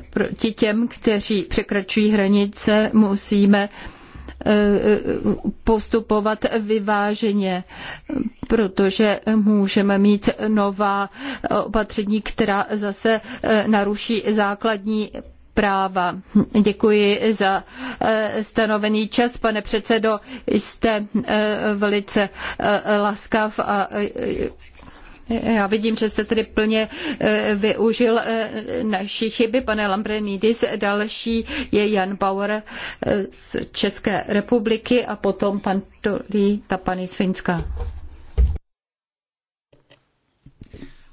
proti těm, kteří překračují hranice, musíme postupovat vyváženě, protože můžeme mít nová opatření, která zase naruší základní práva. Děkuji za eh, stanovený čas, pane předsedo. Jste eh, velice eh, laskav a já vidím, že jste tedy plně využil naší chyby. Pane Lambrenidis, další je Jan Bauer z České republiky a potom pan Dolí Tapany z Finska.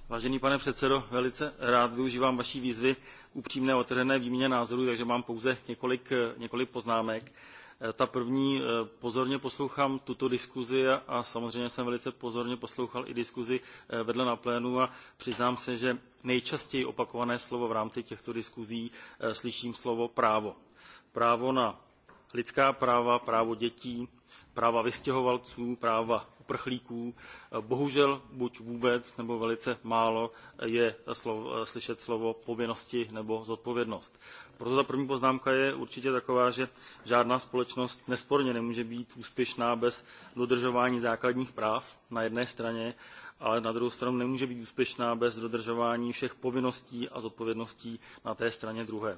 Vážený pane předsedo, velice rád využívám vaší výzvy k upřímné otevřené výměně názorů, takže mám pouze několik, několik poznámek. Eh, ta první, eh, pozorně poslouchám tuto diskuzi a samozřejmě jsem velice pozorně poslouchal i diskuzi eh, vedle na plénu a přiznám se, že nejčastěji opakované slovo v rámci těchto diskuzí slyším slovo právo. Právo na lidská práva, právo dětí, práva vystěhovalců, práva uprchlíků. Eh, bohužel buď vůbec nebo velice málo eh, je slovo, eh, slyšet slovo povinnosti nebo zodpovědnost. Proto ta první poznámka je určitě taková, že žádná společnost nesporně nemůže být úspěšná bez dodržování základních práv na jedné straně, ale na druhou stranu nemůže být úspěšná bez dodržování všech povinností a zodpovědností na té straně druhé.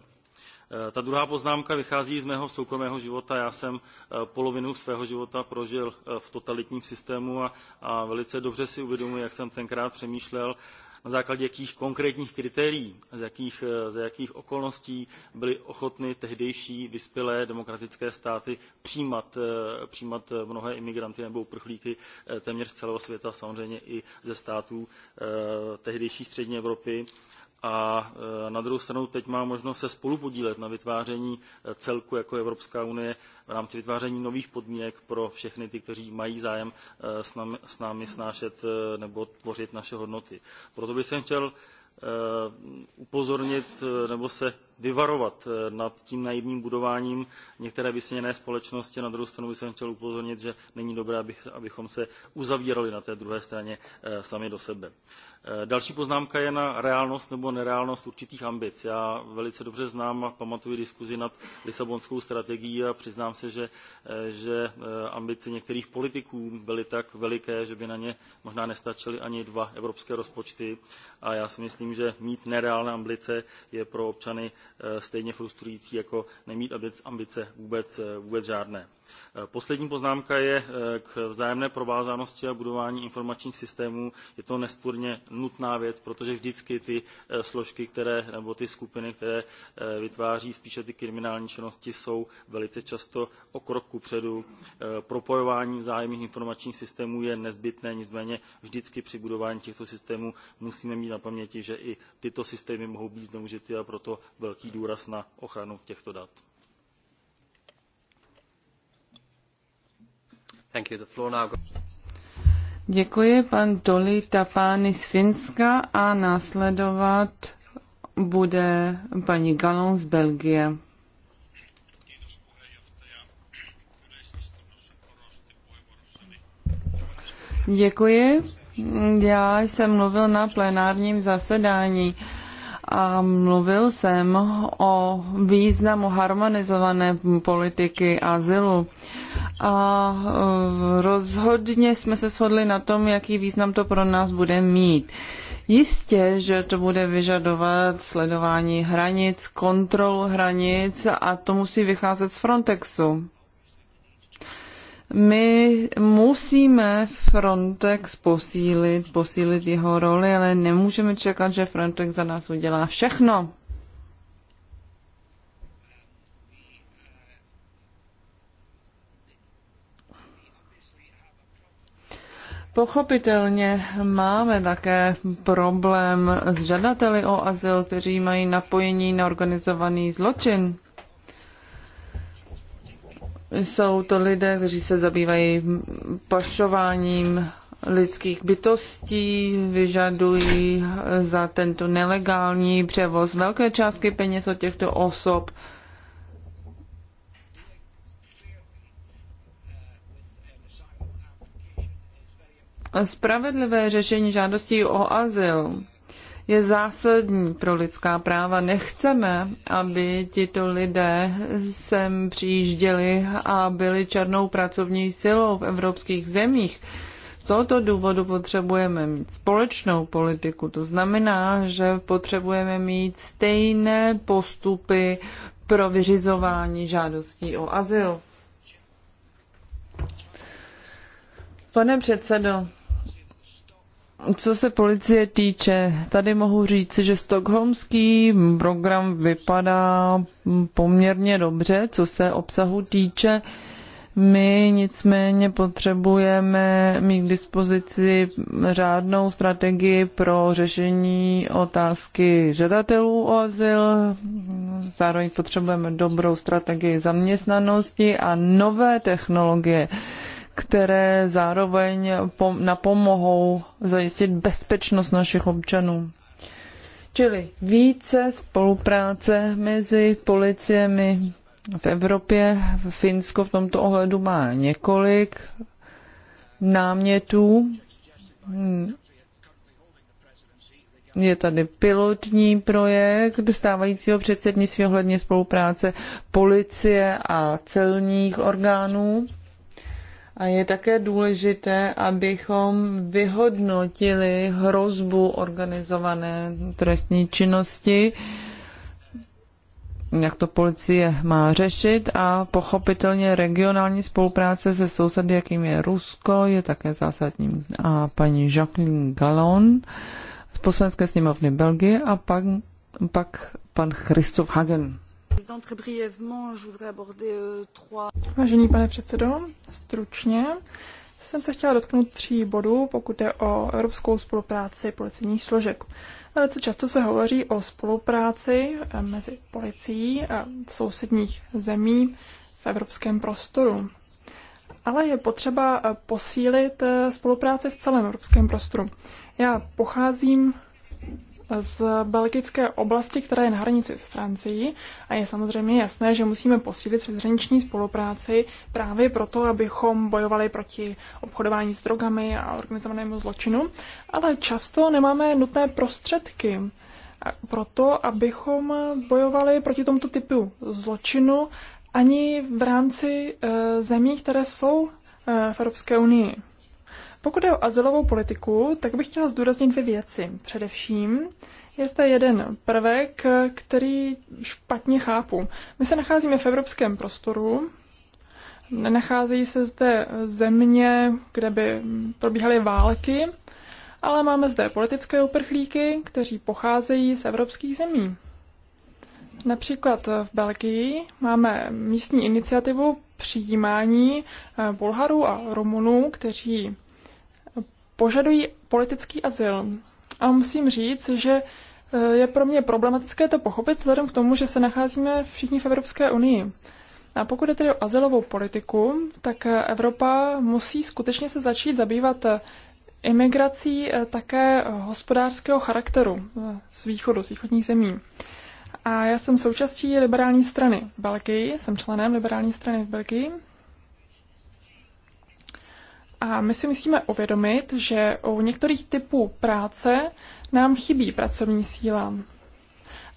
Eh, ta druhá poznámka vychází z mého soukromého života. Já jsem eh, polovinu svého života prožil eh, v totalitním systému a, a velice dobře si uvědomuji, jak jsem tenkrát přemýšlel, na základě jakých konkrétních kritérií, z jakých, z jakých okolností byly ochotny tehdejší vyspělé demokratické státy přijímat, přijímat mnohé imigranty nebo uprchlíky téměř z celého světa, samozřejmě i ze států tehdejší střední Evropy a e, na druhou stranu teď má možnost se spolupodílet na vytváření e, celku jako Evropská unie v rámci vytváření nových podmínek pro všechny ty, kteří mají zájem e, s námi, s námi snášet nebo tvořit naše hodnoty. Proto bych chtěl upozornit nebo se vyvarovat eh, nad tím naivním budováním některé vysněné společnosti. Na druhou stranu jsem chtěl upozornit, že není dobré, abychom se uzavírali na té druhé straně eh, sami do sebe. Eh, další poznámka je na reálnost nebo nereálnost určitých ambic. Já velice dobře znám a pamatuji diskuzi nad Lisabonskou strategií a přiznám se, že, že ambice některých politiků byly tak veliké, že by na ně možná nestačily ani dva evropské rozpočty. A já si myslím, že mít nereálné ambice je pro občany Eh, stejně frustrující jako nemít ambice vůbec, eh, vůbec žádné. Eh, poslední poznámka je k vzájemné provázanosti a budování informačních systémů. Je to nesporně nutná věc, protože vždycky ty složky, které, nebo ty skupiny, které vytváří spíše ty kriminální činnosti, jsou velice často o krok předu. Propojování vzájemných informačních systémů je nezbytné, nicméně vždycky při budování těchto systémů musíme mít na paměti, že i tyto systémy mohou být zneužity a proto velké velký důraz na ochranu těchto dat. Děkuji pan Toli Tapány z Finska a následovat bude paní Galon z Belgie. Děkuji. Já jsem mluvil na plenárním zasedání a mluvil jsem o významu harmonizované politiky azylu. A eh, rozhodně jsme se shodli na tom, jaký význam to pro nás bude mít. Jistě, že to bude vyžadovat sledování hranic, kontrolu hranic a to musí vycházet z Frontexu. My musíme Frontex posílit, posílit jeho roli, ale nemůžeme čekat, že Frontex za nás udělá všechno. Pochopitelně máme také problém s žadateli o azyl, kteří mají napojení na organizovaný zločin. Jsou to lidé, kteří se zabývají pašováním lidských bytostí, vyžadují za tento nelegální převoz velké částky peněz od těchto osob. Spravedlivé řešení žádostí o azyl je zásadní pro lidská práva. Nechceme, aby tito lidé sem přijížděli a byli černou pracovní silou v evropských zemích. Z tohoto důvodu potřebujeme mít společnou politiku. To znamená, že potřebujeme mít stejné postupy pro vyřizování žádostí o azyl. Pane předsedo, co se policie týče, tady mohu říct, že stokholmský program vypadá poměrně dobře, co se obsahu týče. My nicméně potřebujeme mít k dispozici řádnou strategii pro řešení otázky žadatelů o azyl. Zároveň potřebujeme dobrou strategii zaměstnanosti a nové technologie které zároveň napomohou zajistit bezpečnost našich občanů. Čili více spolupráce mezi policiemi v Evropě, v Finsko v tomto ohledu má několik námětů. Je tady pilotní projekt stávajícího předsednictví ohledně spolupráce policie a celních orgánů. A je také důležité, abychom vyhodnotili hrozbu organizované trestní činnosti, jak to policie má řešit a pochopitelně regionální spolupráce se sousedy, jakým je Rusko, je také zásadním. A paní Jacqueline Gallon z poslanecké sněmovny Belgie a pak, pak pan Christoph Hagen. Euh, Vážený pane předsedo, stručně jsem se chtěla dotknout tří bodů, pokud je o evropskou spolupráci policejních složek. Velice často se hovoří o spolupráci eh, mezi policií a sousedních zemí v evropském prostoru. Ale je potřeba eh, posílit eh, spolupráci v celém evropském prostoru. Já pocházím z belgické oblasti, která je na hranici s Francií a je samozřejmě jasné, že musíme posílit přeshraniční spolupráci právě proto, abychom bojovali proti obchodování s drogami a organizovanému zločinu, ale často nemáme nutné prostředky proto, abychom bojovali proti tomuto typu zločinu ani v rámci eh, zemí, které jsou eh, v Evropské unii. Pokud je o azylovou politiku, tak bych chtěla zdůraznit dvě věci. Především je zde jeden prvek, který špatně chápu. My se nacházíme v evropském prostoru, nenacházejí se zde země, kde by probíhaly války, ale máme zde politické uprchlíky, kteří pocházejí z evropských zemí. Například v Belgii máme místní iniciativu přijímání eh, Bulharů a Rumunů, kteří požadují politický azyl. A musím říct, že e, je pro mě problematické to pochopit vzhledem k tomu, že se nacházíme všichni v Evropské unii. A pokud je tedy o azylovou politiku, tak Evropa musí skutečně se začít zabývat e, imigrací e, také hospodářského charakteru z východu, z východních zemí. A já jsem součástí liberální strany v Belgii, jsem členem liberální strany v Belgii a my si musíme uvědomit, že u některých typů práce nám chybí pracovní síla.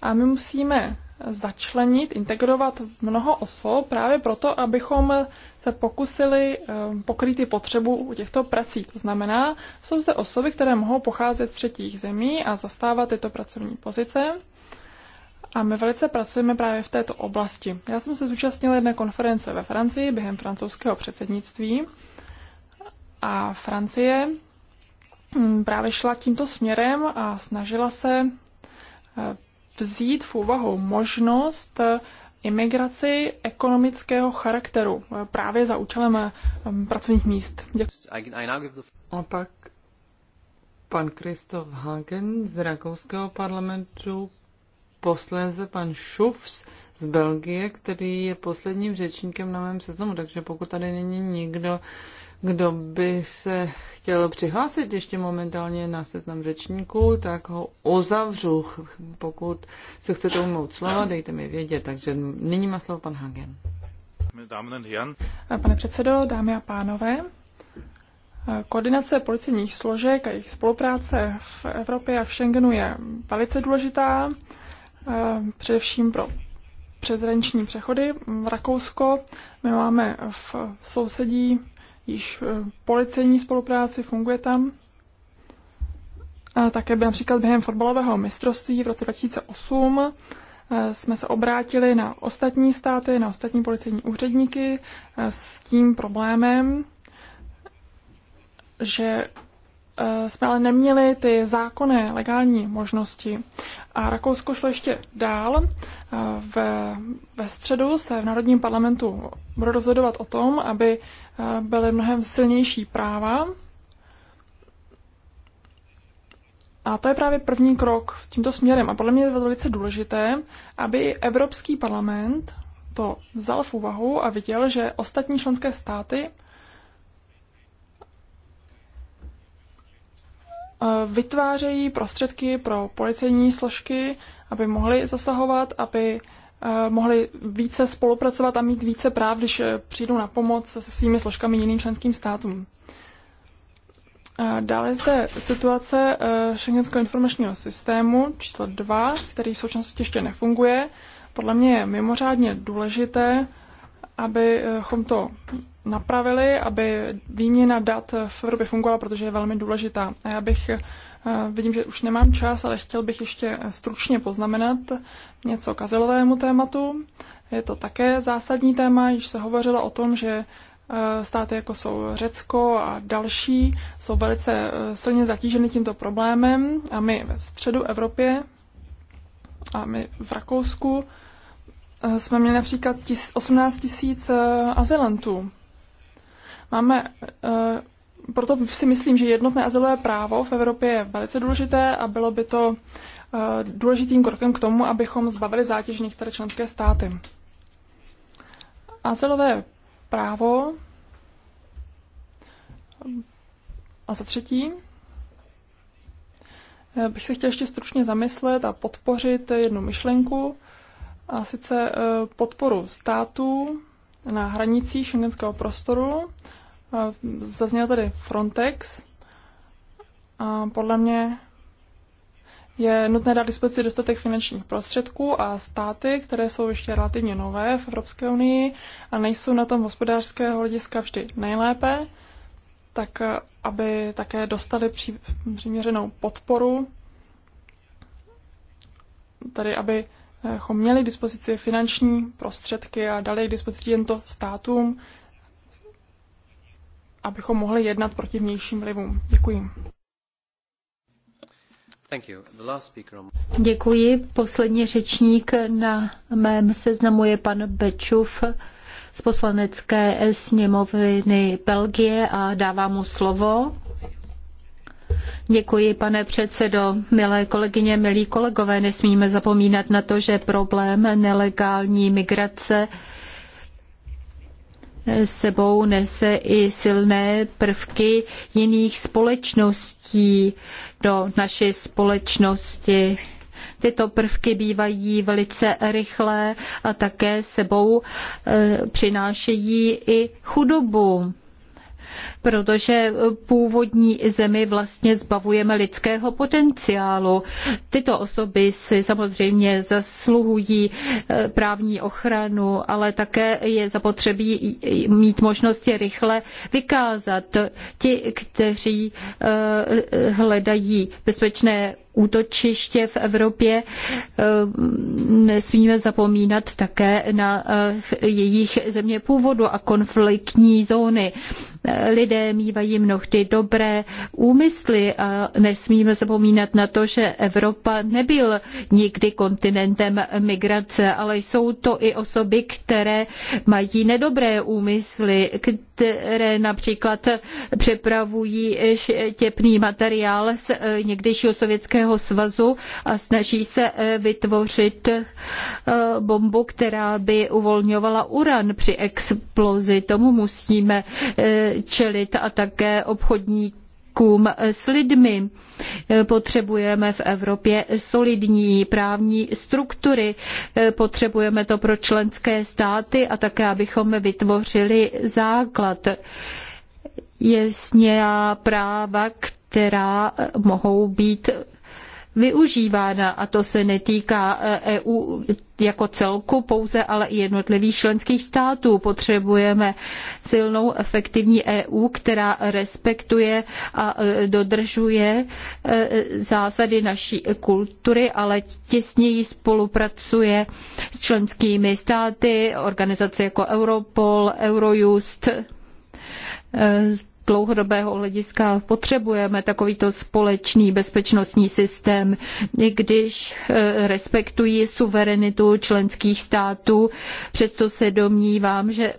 A my musíme začlenit, integrovat mnoho osob právě proto, abychom se pokusili eh, pokrýt i potřebu u těchto prací. To znamená, jsou zde osoby, které mohou pocházet z třetích zemí a zastávat tyto pracovní pozice. A my velice pracujeme právě v této oblasti. Já jsem se zúčastnila jedné konference ve Francii během francouzského předsednictví a Francie mm, právě šla tímto směrem a snažila se eh, vzít v úvahu možnost eh, imigraci ekonomického charakteru eh, právě za účelem mm, pracovních míst. Opak, A pak pan Kristof Hagen z rakouského parlamentu, posléze pan Šufs z Belgie, který je posledním řečníkem na mém seznamu, takže pokud tady není nikdo, kdo by se chtěl přihlásit ještě momentálně na seznam řečníků, tak ho uzavřu. Pokud se chcete umout slova, dejte mi vědět. Takže nyní má slovo pan Hagen. Pane předsedo, dámy a pánové, Koordinace policejních složek a jejich spolupráce v Evropě a v Schengenu je velice důležitá, eh, především pro přezraniční přechody. V Rakousko my máme v sousedí již eh, policejní spolupráci, funguje tam. také by například během fotbalového mistrovství v roce 2008 eh, jsme se obrátili na ostatní státy, na ostatní policejní úředníky eh, s tím problémem, že jsme ale neměli ty zákonné legální možnosti. A Rakousko šlo ještě dál. Ve, ve středu se v Národním parlamentu bude rozhodovat o tom, aby byly mnohem silnější práva. A to je právě první krok tímto směrem. A podle mě je to velice důležité, aby Evropský parlament to vzal v úvahu a viděl, že ostatní členské státy eh, vytvářejí prostředky pro policejní složky, aby mohly zasahovat, aby Eh, mohli více spolupracovat a mít více práv, když eh, přijdou na pomoc se svými složkami jiným členským státům. Eh, dále je zde situace šengenského informačního systému číslo 2, který v současnosti ještě nefunguje. Podle mě je mimořádně důležité, abychom to napravili, aby výměna dat v Evropě fungovala, protože je velmi důležitá. A já bych Eh, vidím, že už nemám čas, ale chtěl bych ještě stručně poznamenat něco k azylovému tématu. Je to také zásadní téma, již se hovořilo o tom, že eh, státy jako jsou Řecko a další jsou velice eh, silně zatíženy tímto problémem a my ve středu Evropě a my v Rakousku jsme měli například 18 tisíc azylantů. Máme proto si myslím, že jednotné azylové právo v Evropě je velice důležité a bylo by to eh, důležitým krokem k tomu, abychom zbavili zátěž některé členské státy. Azylové právo a za třetí eh, bych se chtěl ještě stručně zamyslet a podpořit jednu myšlenku, a sice eh, podporu států na hranicích šengenského prostoru Zazněl tady Frontex a podle mě je nutné dát dispozici dostatek finančních prostředků a státy, které jsou ještě relativně nové v Evropské unii a nejsou na tom hospodářského hlediska vždy nejlépe, tak eh, aby také dostali při, přiměřenou podporu, tedy aby eh, měli dispozici finanční prostředky a dali k dispozici jen to státům, abychom mohli jednat proti vnějším vlivům. Děkuji. Děkuji. Poslední řečník na mém seznamu je pan Bečův z poslanecké sněmovny Belgie a dávám mu slovo. Děkuji, pane předsedo. Milé kolegyně, milí kolegové, nesmíme zapomínat na to, že problém nelegální migrace sebou nese i silné prvky jiných společností do naší společnosti. Tyto prvky bývají velice rychlé a také sebou eh, přinášejí i chudobu protože původní zemi vlastně zbavujeme lidského potenciálu. Tyto osoby si samozřejmě zasluhují eh, právní ochranu, ale také je zapotřebí mít možnosti rychle vykázat ti, kteří eh, hledají bezpečné útočiště v Evropě. Eh, nesmíme zapomínat také na eh, jejich země původu a konfliktní zóny. Eh, lidé mývají mnohdy dobré úmysly a nesmíme zapomínat na to, že Evropa nebyl nikdy kontinentem migrace, ale jsou to i osoby, které mají nedobré úmysly, které například přepravují štěpný materiál z eh, někdejšího Sovětského svazu a snaží se eh, vytvořit eh, bombu, která by uvolňovala uran při explozi. Tomu musíme čelit a také obchodní politikům, s lidmi. Potřebujeme v Evropě solidní právní struktury, potřebujeme to pro členské státy a také, abychom vytvořili základ jasně práva, která mohou být využívána a to se netýká EU e jako celku pouze, ale i jednotlivých členských států. Potřebujeme silnou, efektivní EU, která respektuje a e, dodržuje e, zásady naší kultury, ale těsněji spolupracuje s členskými státy, organizace jako Europol, Eurojust, dlouhodobého hlediska potřebujeme takovýto společný bezpečnostní systém, i když eh, respektují suverenitu členských států, přesto se domnívám, že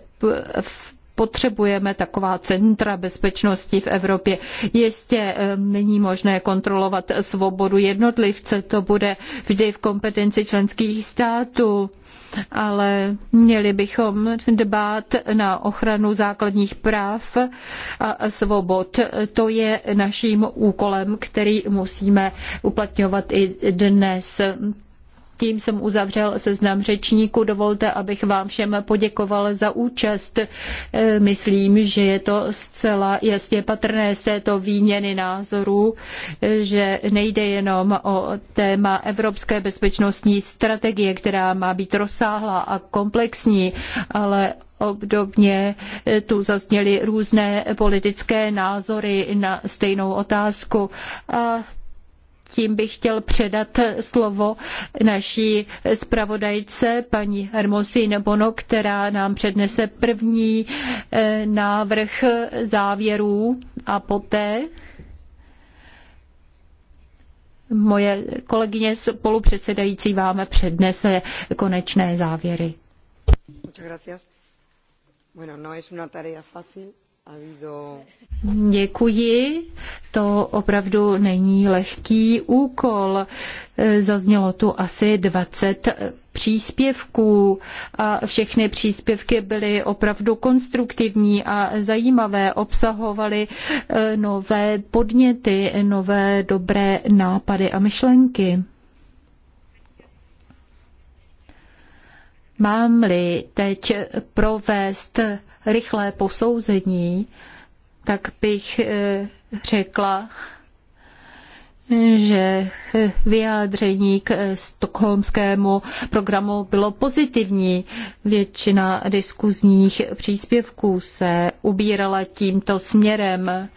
potřebujeme taková centra bezpečnosti v Evropě. Jistě eh, není možné kontrolovat svobodu jednotlivce, to bude vždy v kompetenci členských států ale měli bychom dbát na ochranu základních práv a svobod. To je naším úkolem, který musíme uplatňovat i dnes tím jsem uzavřel seznam řečníků. Dovolte, abych vám všem poděkoval za účast. E, myslím, že je to zcela jasně patrné z této výměny názorů, e, že nejde jenom o téma Evropské bezpečnostní strategie, která má být rozsáhlá a komplexní, ale obdobně e, tu zazněly různé politické názory na stejnou otázku. A tím bych chtěl předat slovo naší zpravodajce, paní Hermosine Bono, která nám přednese první eh, návrh závěrů a poté moje kolegyně spolupředsedající vám přednese konečné závěry. Muchas gracias. Bueno, no es una tarea fácil. Děkuji. To opravdu není lehký úkol. E, zaznělo tu asi 20 příspěvků a všechny příspěvky byly opravdu konstruktivní a zajímavé, obsahovaly e, nové podněty, nové dobré nápady a myšlenky. Mám-li teď provést rychlé posouzení, tak bych eh, řekla, že vyjádření k eh, stokholmskému programu bylo pozitivní. Většina diskuzních příspěvků se ubírala tímto směrem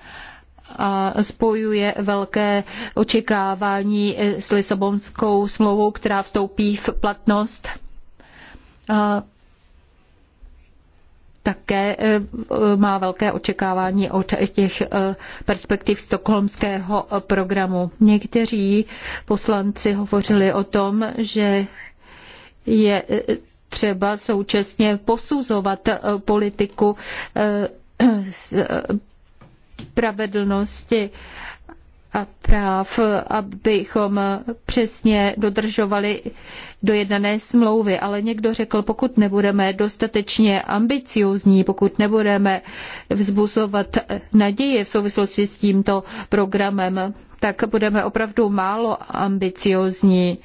a spojuje velké očekávání eh, s Lisabonskou smlouvou, která vstoupí v platnost. A také eh, eh, má velké očekávání od těch eh, perspektiv stokholmského programu. Někteří poslanci hovořili o tom, že je třeba současně posuzovat politiku spravedlnosti a práv, abychom přesně dodržovali dojednané smlouvy. Ale někdo řekl, pokud nebudeme dostatečně ambiciózní, pokud nebudeme vzbuzovat naděje v souvislosti s tímto programem, tak budeme opravdu málo ambiciózní.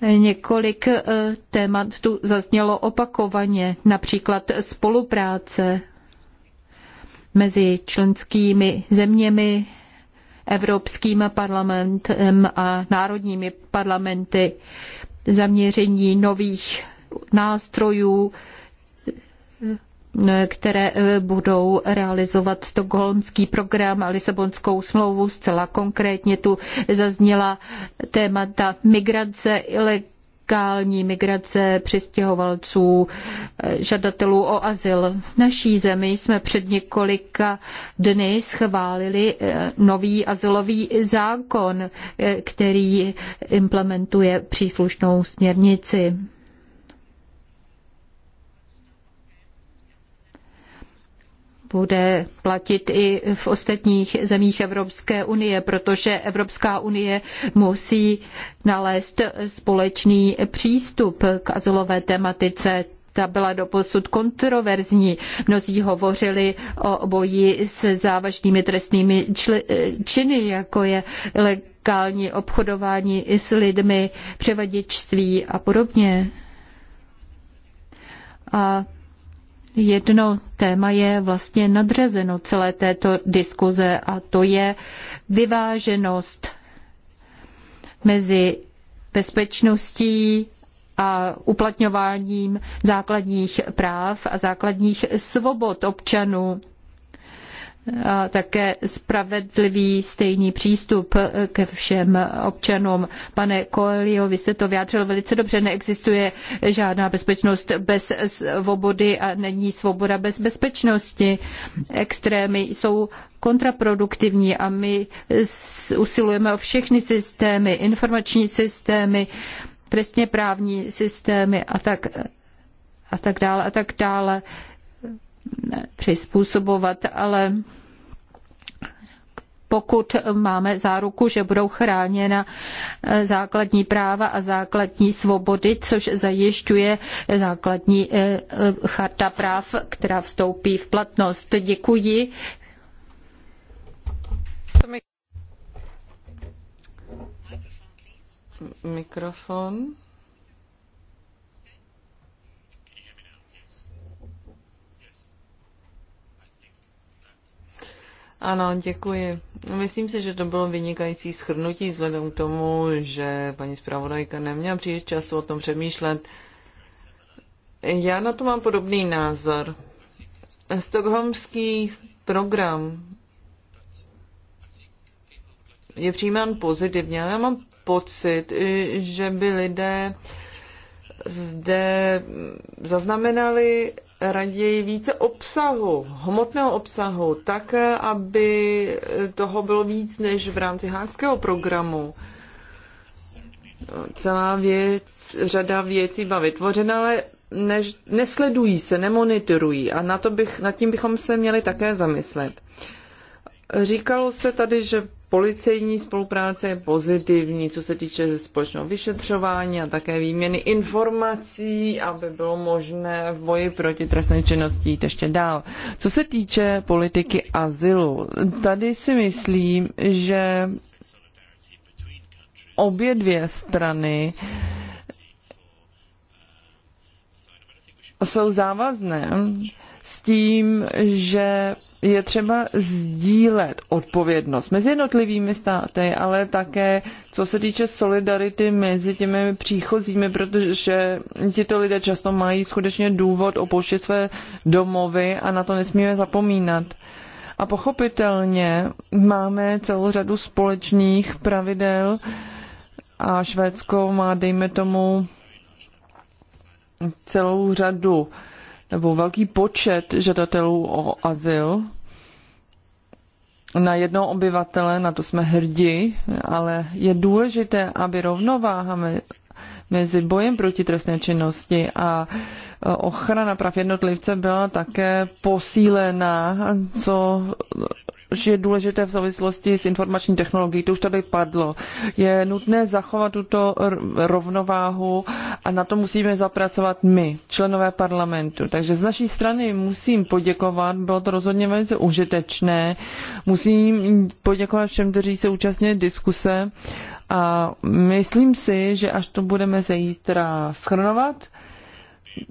Několik eh, témat tu zaznělo opakovaně, například spolupráce mezi členskými zeměmi, Evropským parlamentem a národními parlamenty, zaměření nových nástrojů, které eh, budou realizovat stokholmský program a Lisabonskou smlouvu. Zcela konkrétně tu zazněla témata migrace, ilegální legální migrace přistěhovalců, eh, žadatelů o azyl. V naší zemi jsme před několika dny schválili eh, nový azylový zákon, eh, který implementuje příslušnou směrnici. bude platit i v ostatních zemích Evropské unie, protože Evropská unie musí nalézt společný přístup k azylové tematice ta byla doposud kontroverzní. Mnozí hovořili o boji s závažnými trestnými činy, jako je legální obchodování s lidmi, převaděčství a podobně. A jedno téma je vlastně nadřazeno celé této diskuze a to je vyváženost mezi bezpečností a uplatňováním základních práv a základních svobod občanů a také spravedlivý stejný přístup ke všem občanům. Pane Koelio, vy jste to vyjádřil velice dobře, neexistuje žádná bezpečnost bez svobody a není svoboda bez bezpečnosti. Extrémy jsou kontraproduktivní a my usilujeme o všechny systémy, informační systémy, trestně právní systémy a tak, a tak dále a tak dále přizpůsobovat, ale pokud máme záruku, že budou chráněna eh, základní práva a základní svobody, což zajišťuje základní eh, eh, charta práv, která vstoupí v platnost. Děkuji. Mikrofon. Ano, děkuji. Myslím si, že to bylo vynikající schrnutí vzhledem k tomu, že paní zpravodajka neměla příliš času o tom přemýšlet. Já na to mám podobný názor. Stockholmský program je přijímán pozitivně. Já mám pocit, že by lidé zde zaznamenali raději více obsahu, hmotného obsahu, tak, aby toho bylo víc než v rámci hánského programu. Celá věc, řada věcí byla vytvořena, ale ne nesledují se, nemonitorují a na to bych, nad tím bychom se měli také zamyslet. Říkalo se tady, že policejní spolupráce je pozitivní, co se týče společného vyšetřování a také výměny informací, aby bylo možné v boji proti trestné činnosti jít ještě dál. Co se týče politiky azylu, tady si myslím, že obě dvě strany jsou závazné s tím, že je třeba sdílet odpovědnost mezi jednotlivými státy, ale také co se týče solidarity mezi těmi příchozími, protože tito lidé často mají skutečně důvod opouštět své domovy a na to nesmíme zapomínat. A pochopitelně máme celou řadu společných pravidel a Švédsko má, dejme tomu, celou řadu nebo velký počet žadatelů o azyl na jedno obyvatele, na to jsme hrdí, ale je důležité, aby rovnováha mezi bojem proti trestné činnosti a e, ochrana práv jednotlivce byla také posílená, co že je důležité v souvislosti s informační technologií, to už tady padlo. Je nutné zachovat tuto rovnováhu a na to musíme zapracovat my, členové parlamentu. Takže z naší strany musím poděkovat, bylo to rozhodně velice užitečné. Musím poděkovat všem, kteří se účastnili diskuse a myslím si, že až to budeme zítra schrnovat,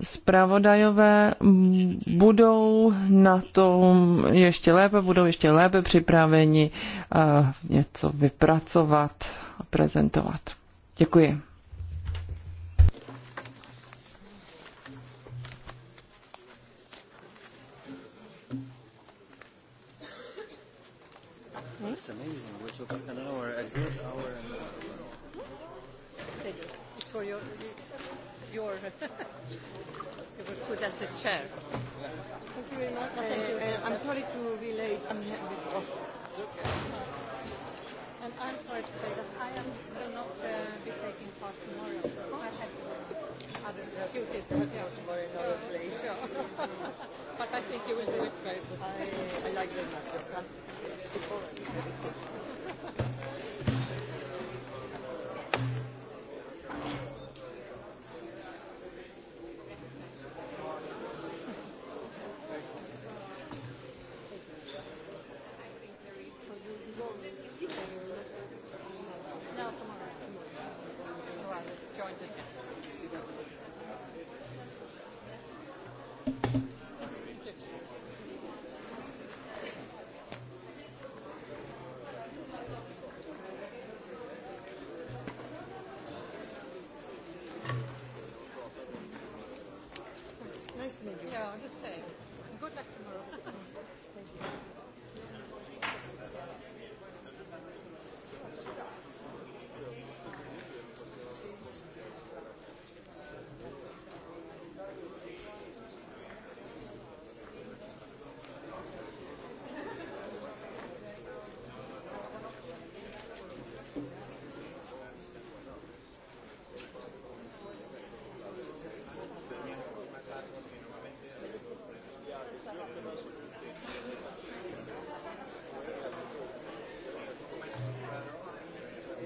zpravodajové budou na tom ještě lépe, budou ještě lépe připraveni eh, něco vypracovat a prezentovat. Děkuji. It's amazing. We took an hour, a good hour and It's for your, your it was put as a chair. Thank you very much. Uh, uh, I'm sorry to be late. I'm a bit off. It's okay. And I'm sorry to say that I am will not uh, be taking part tomorrow. I have other duties. But yeah. tomorrow in other place. but I think you will do it very well. I, like very much.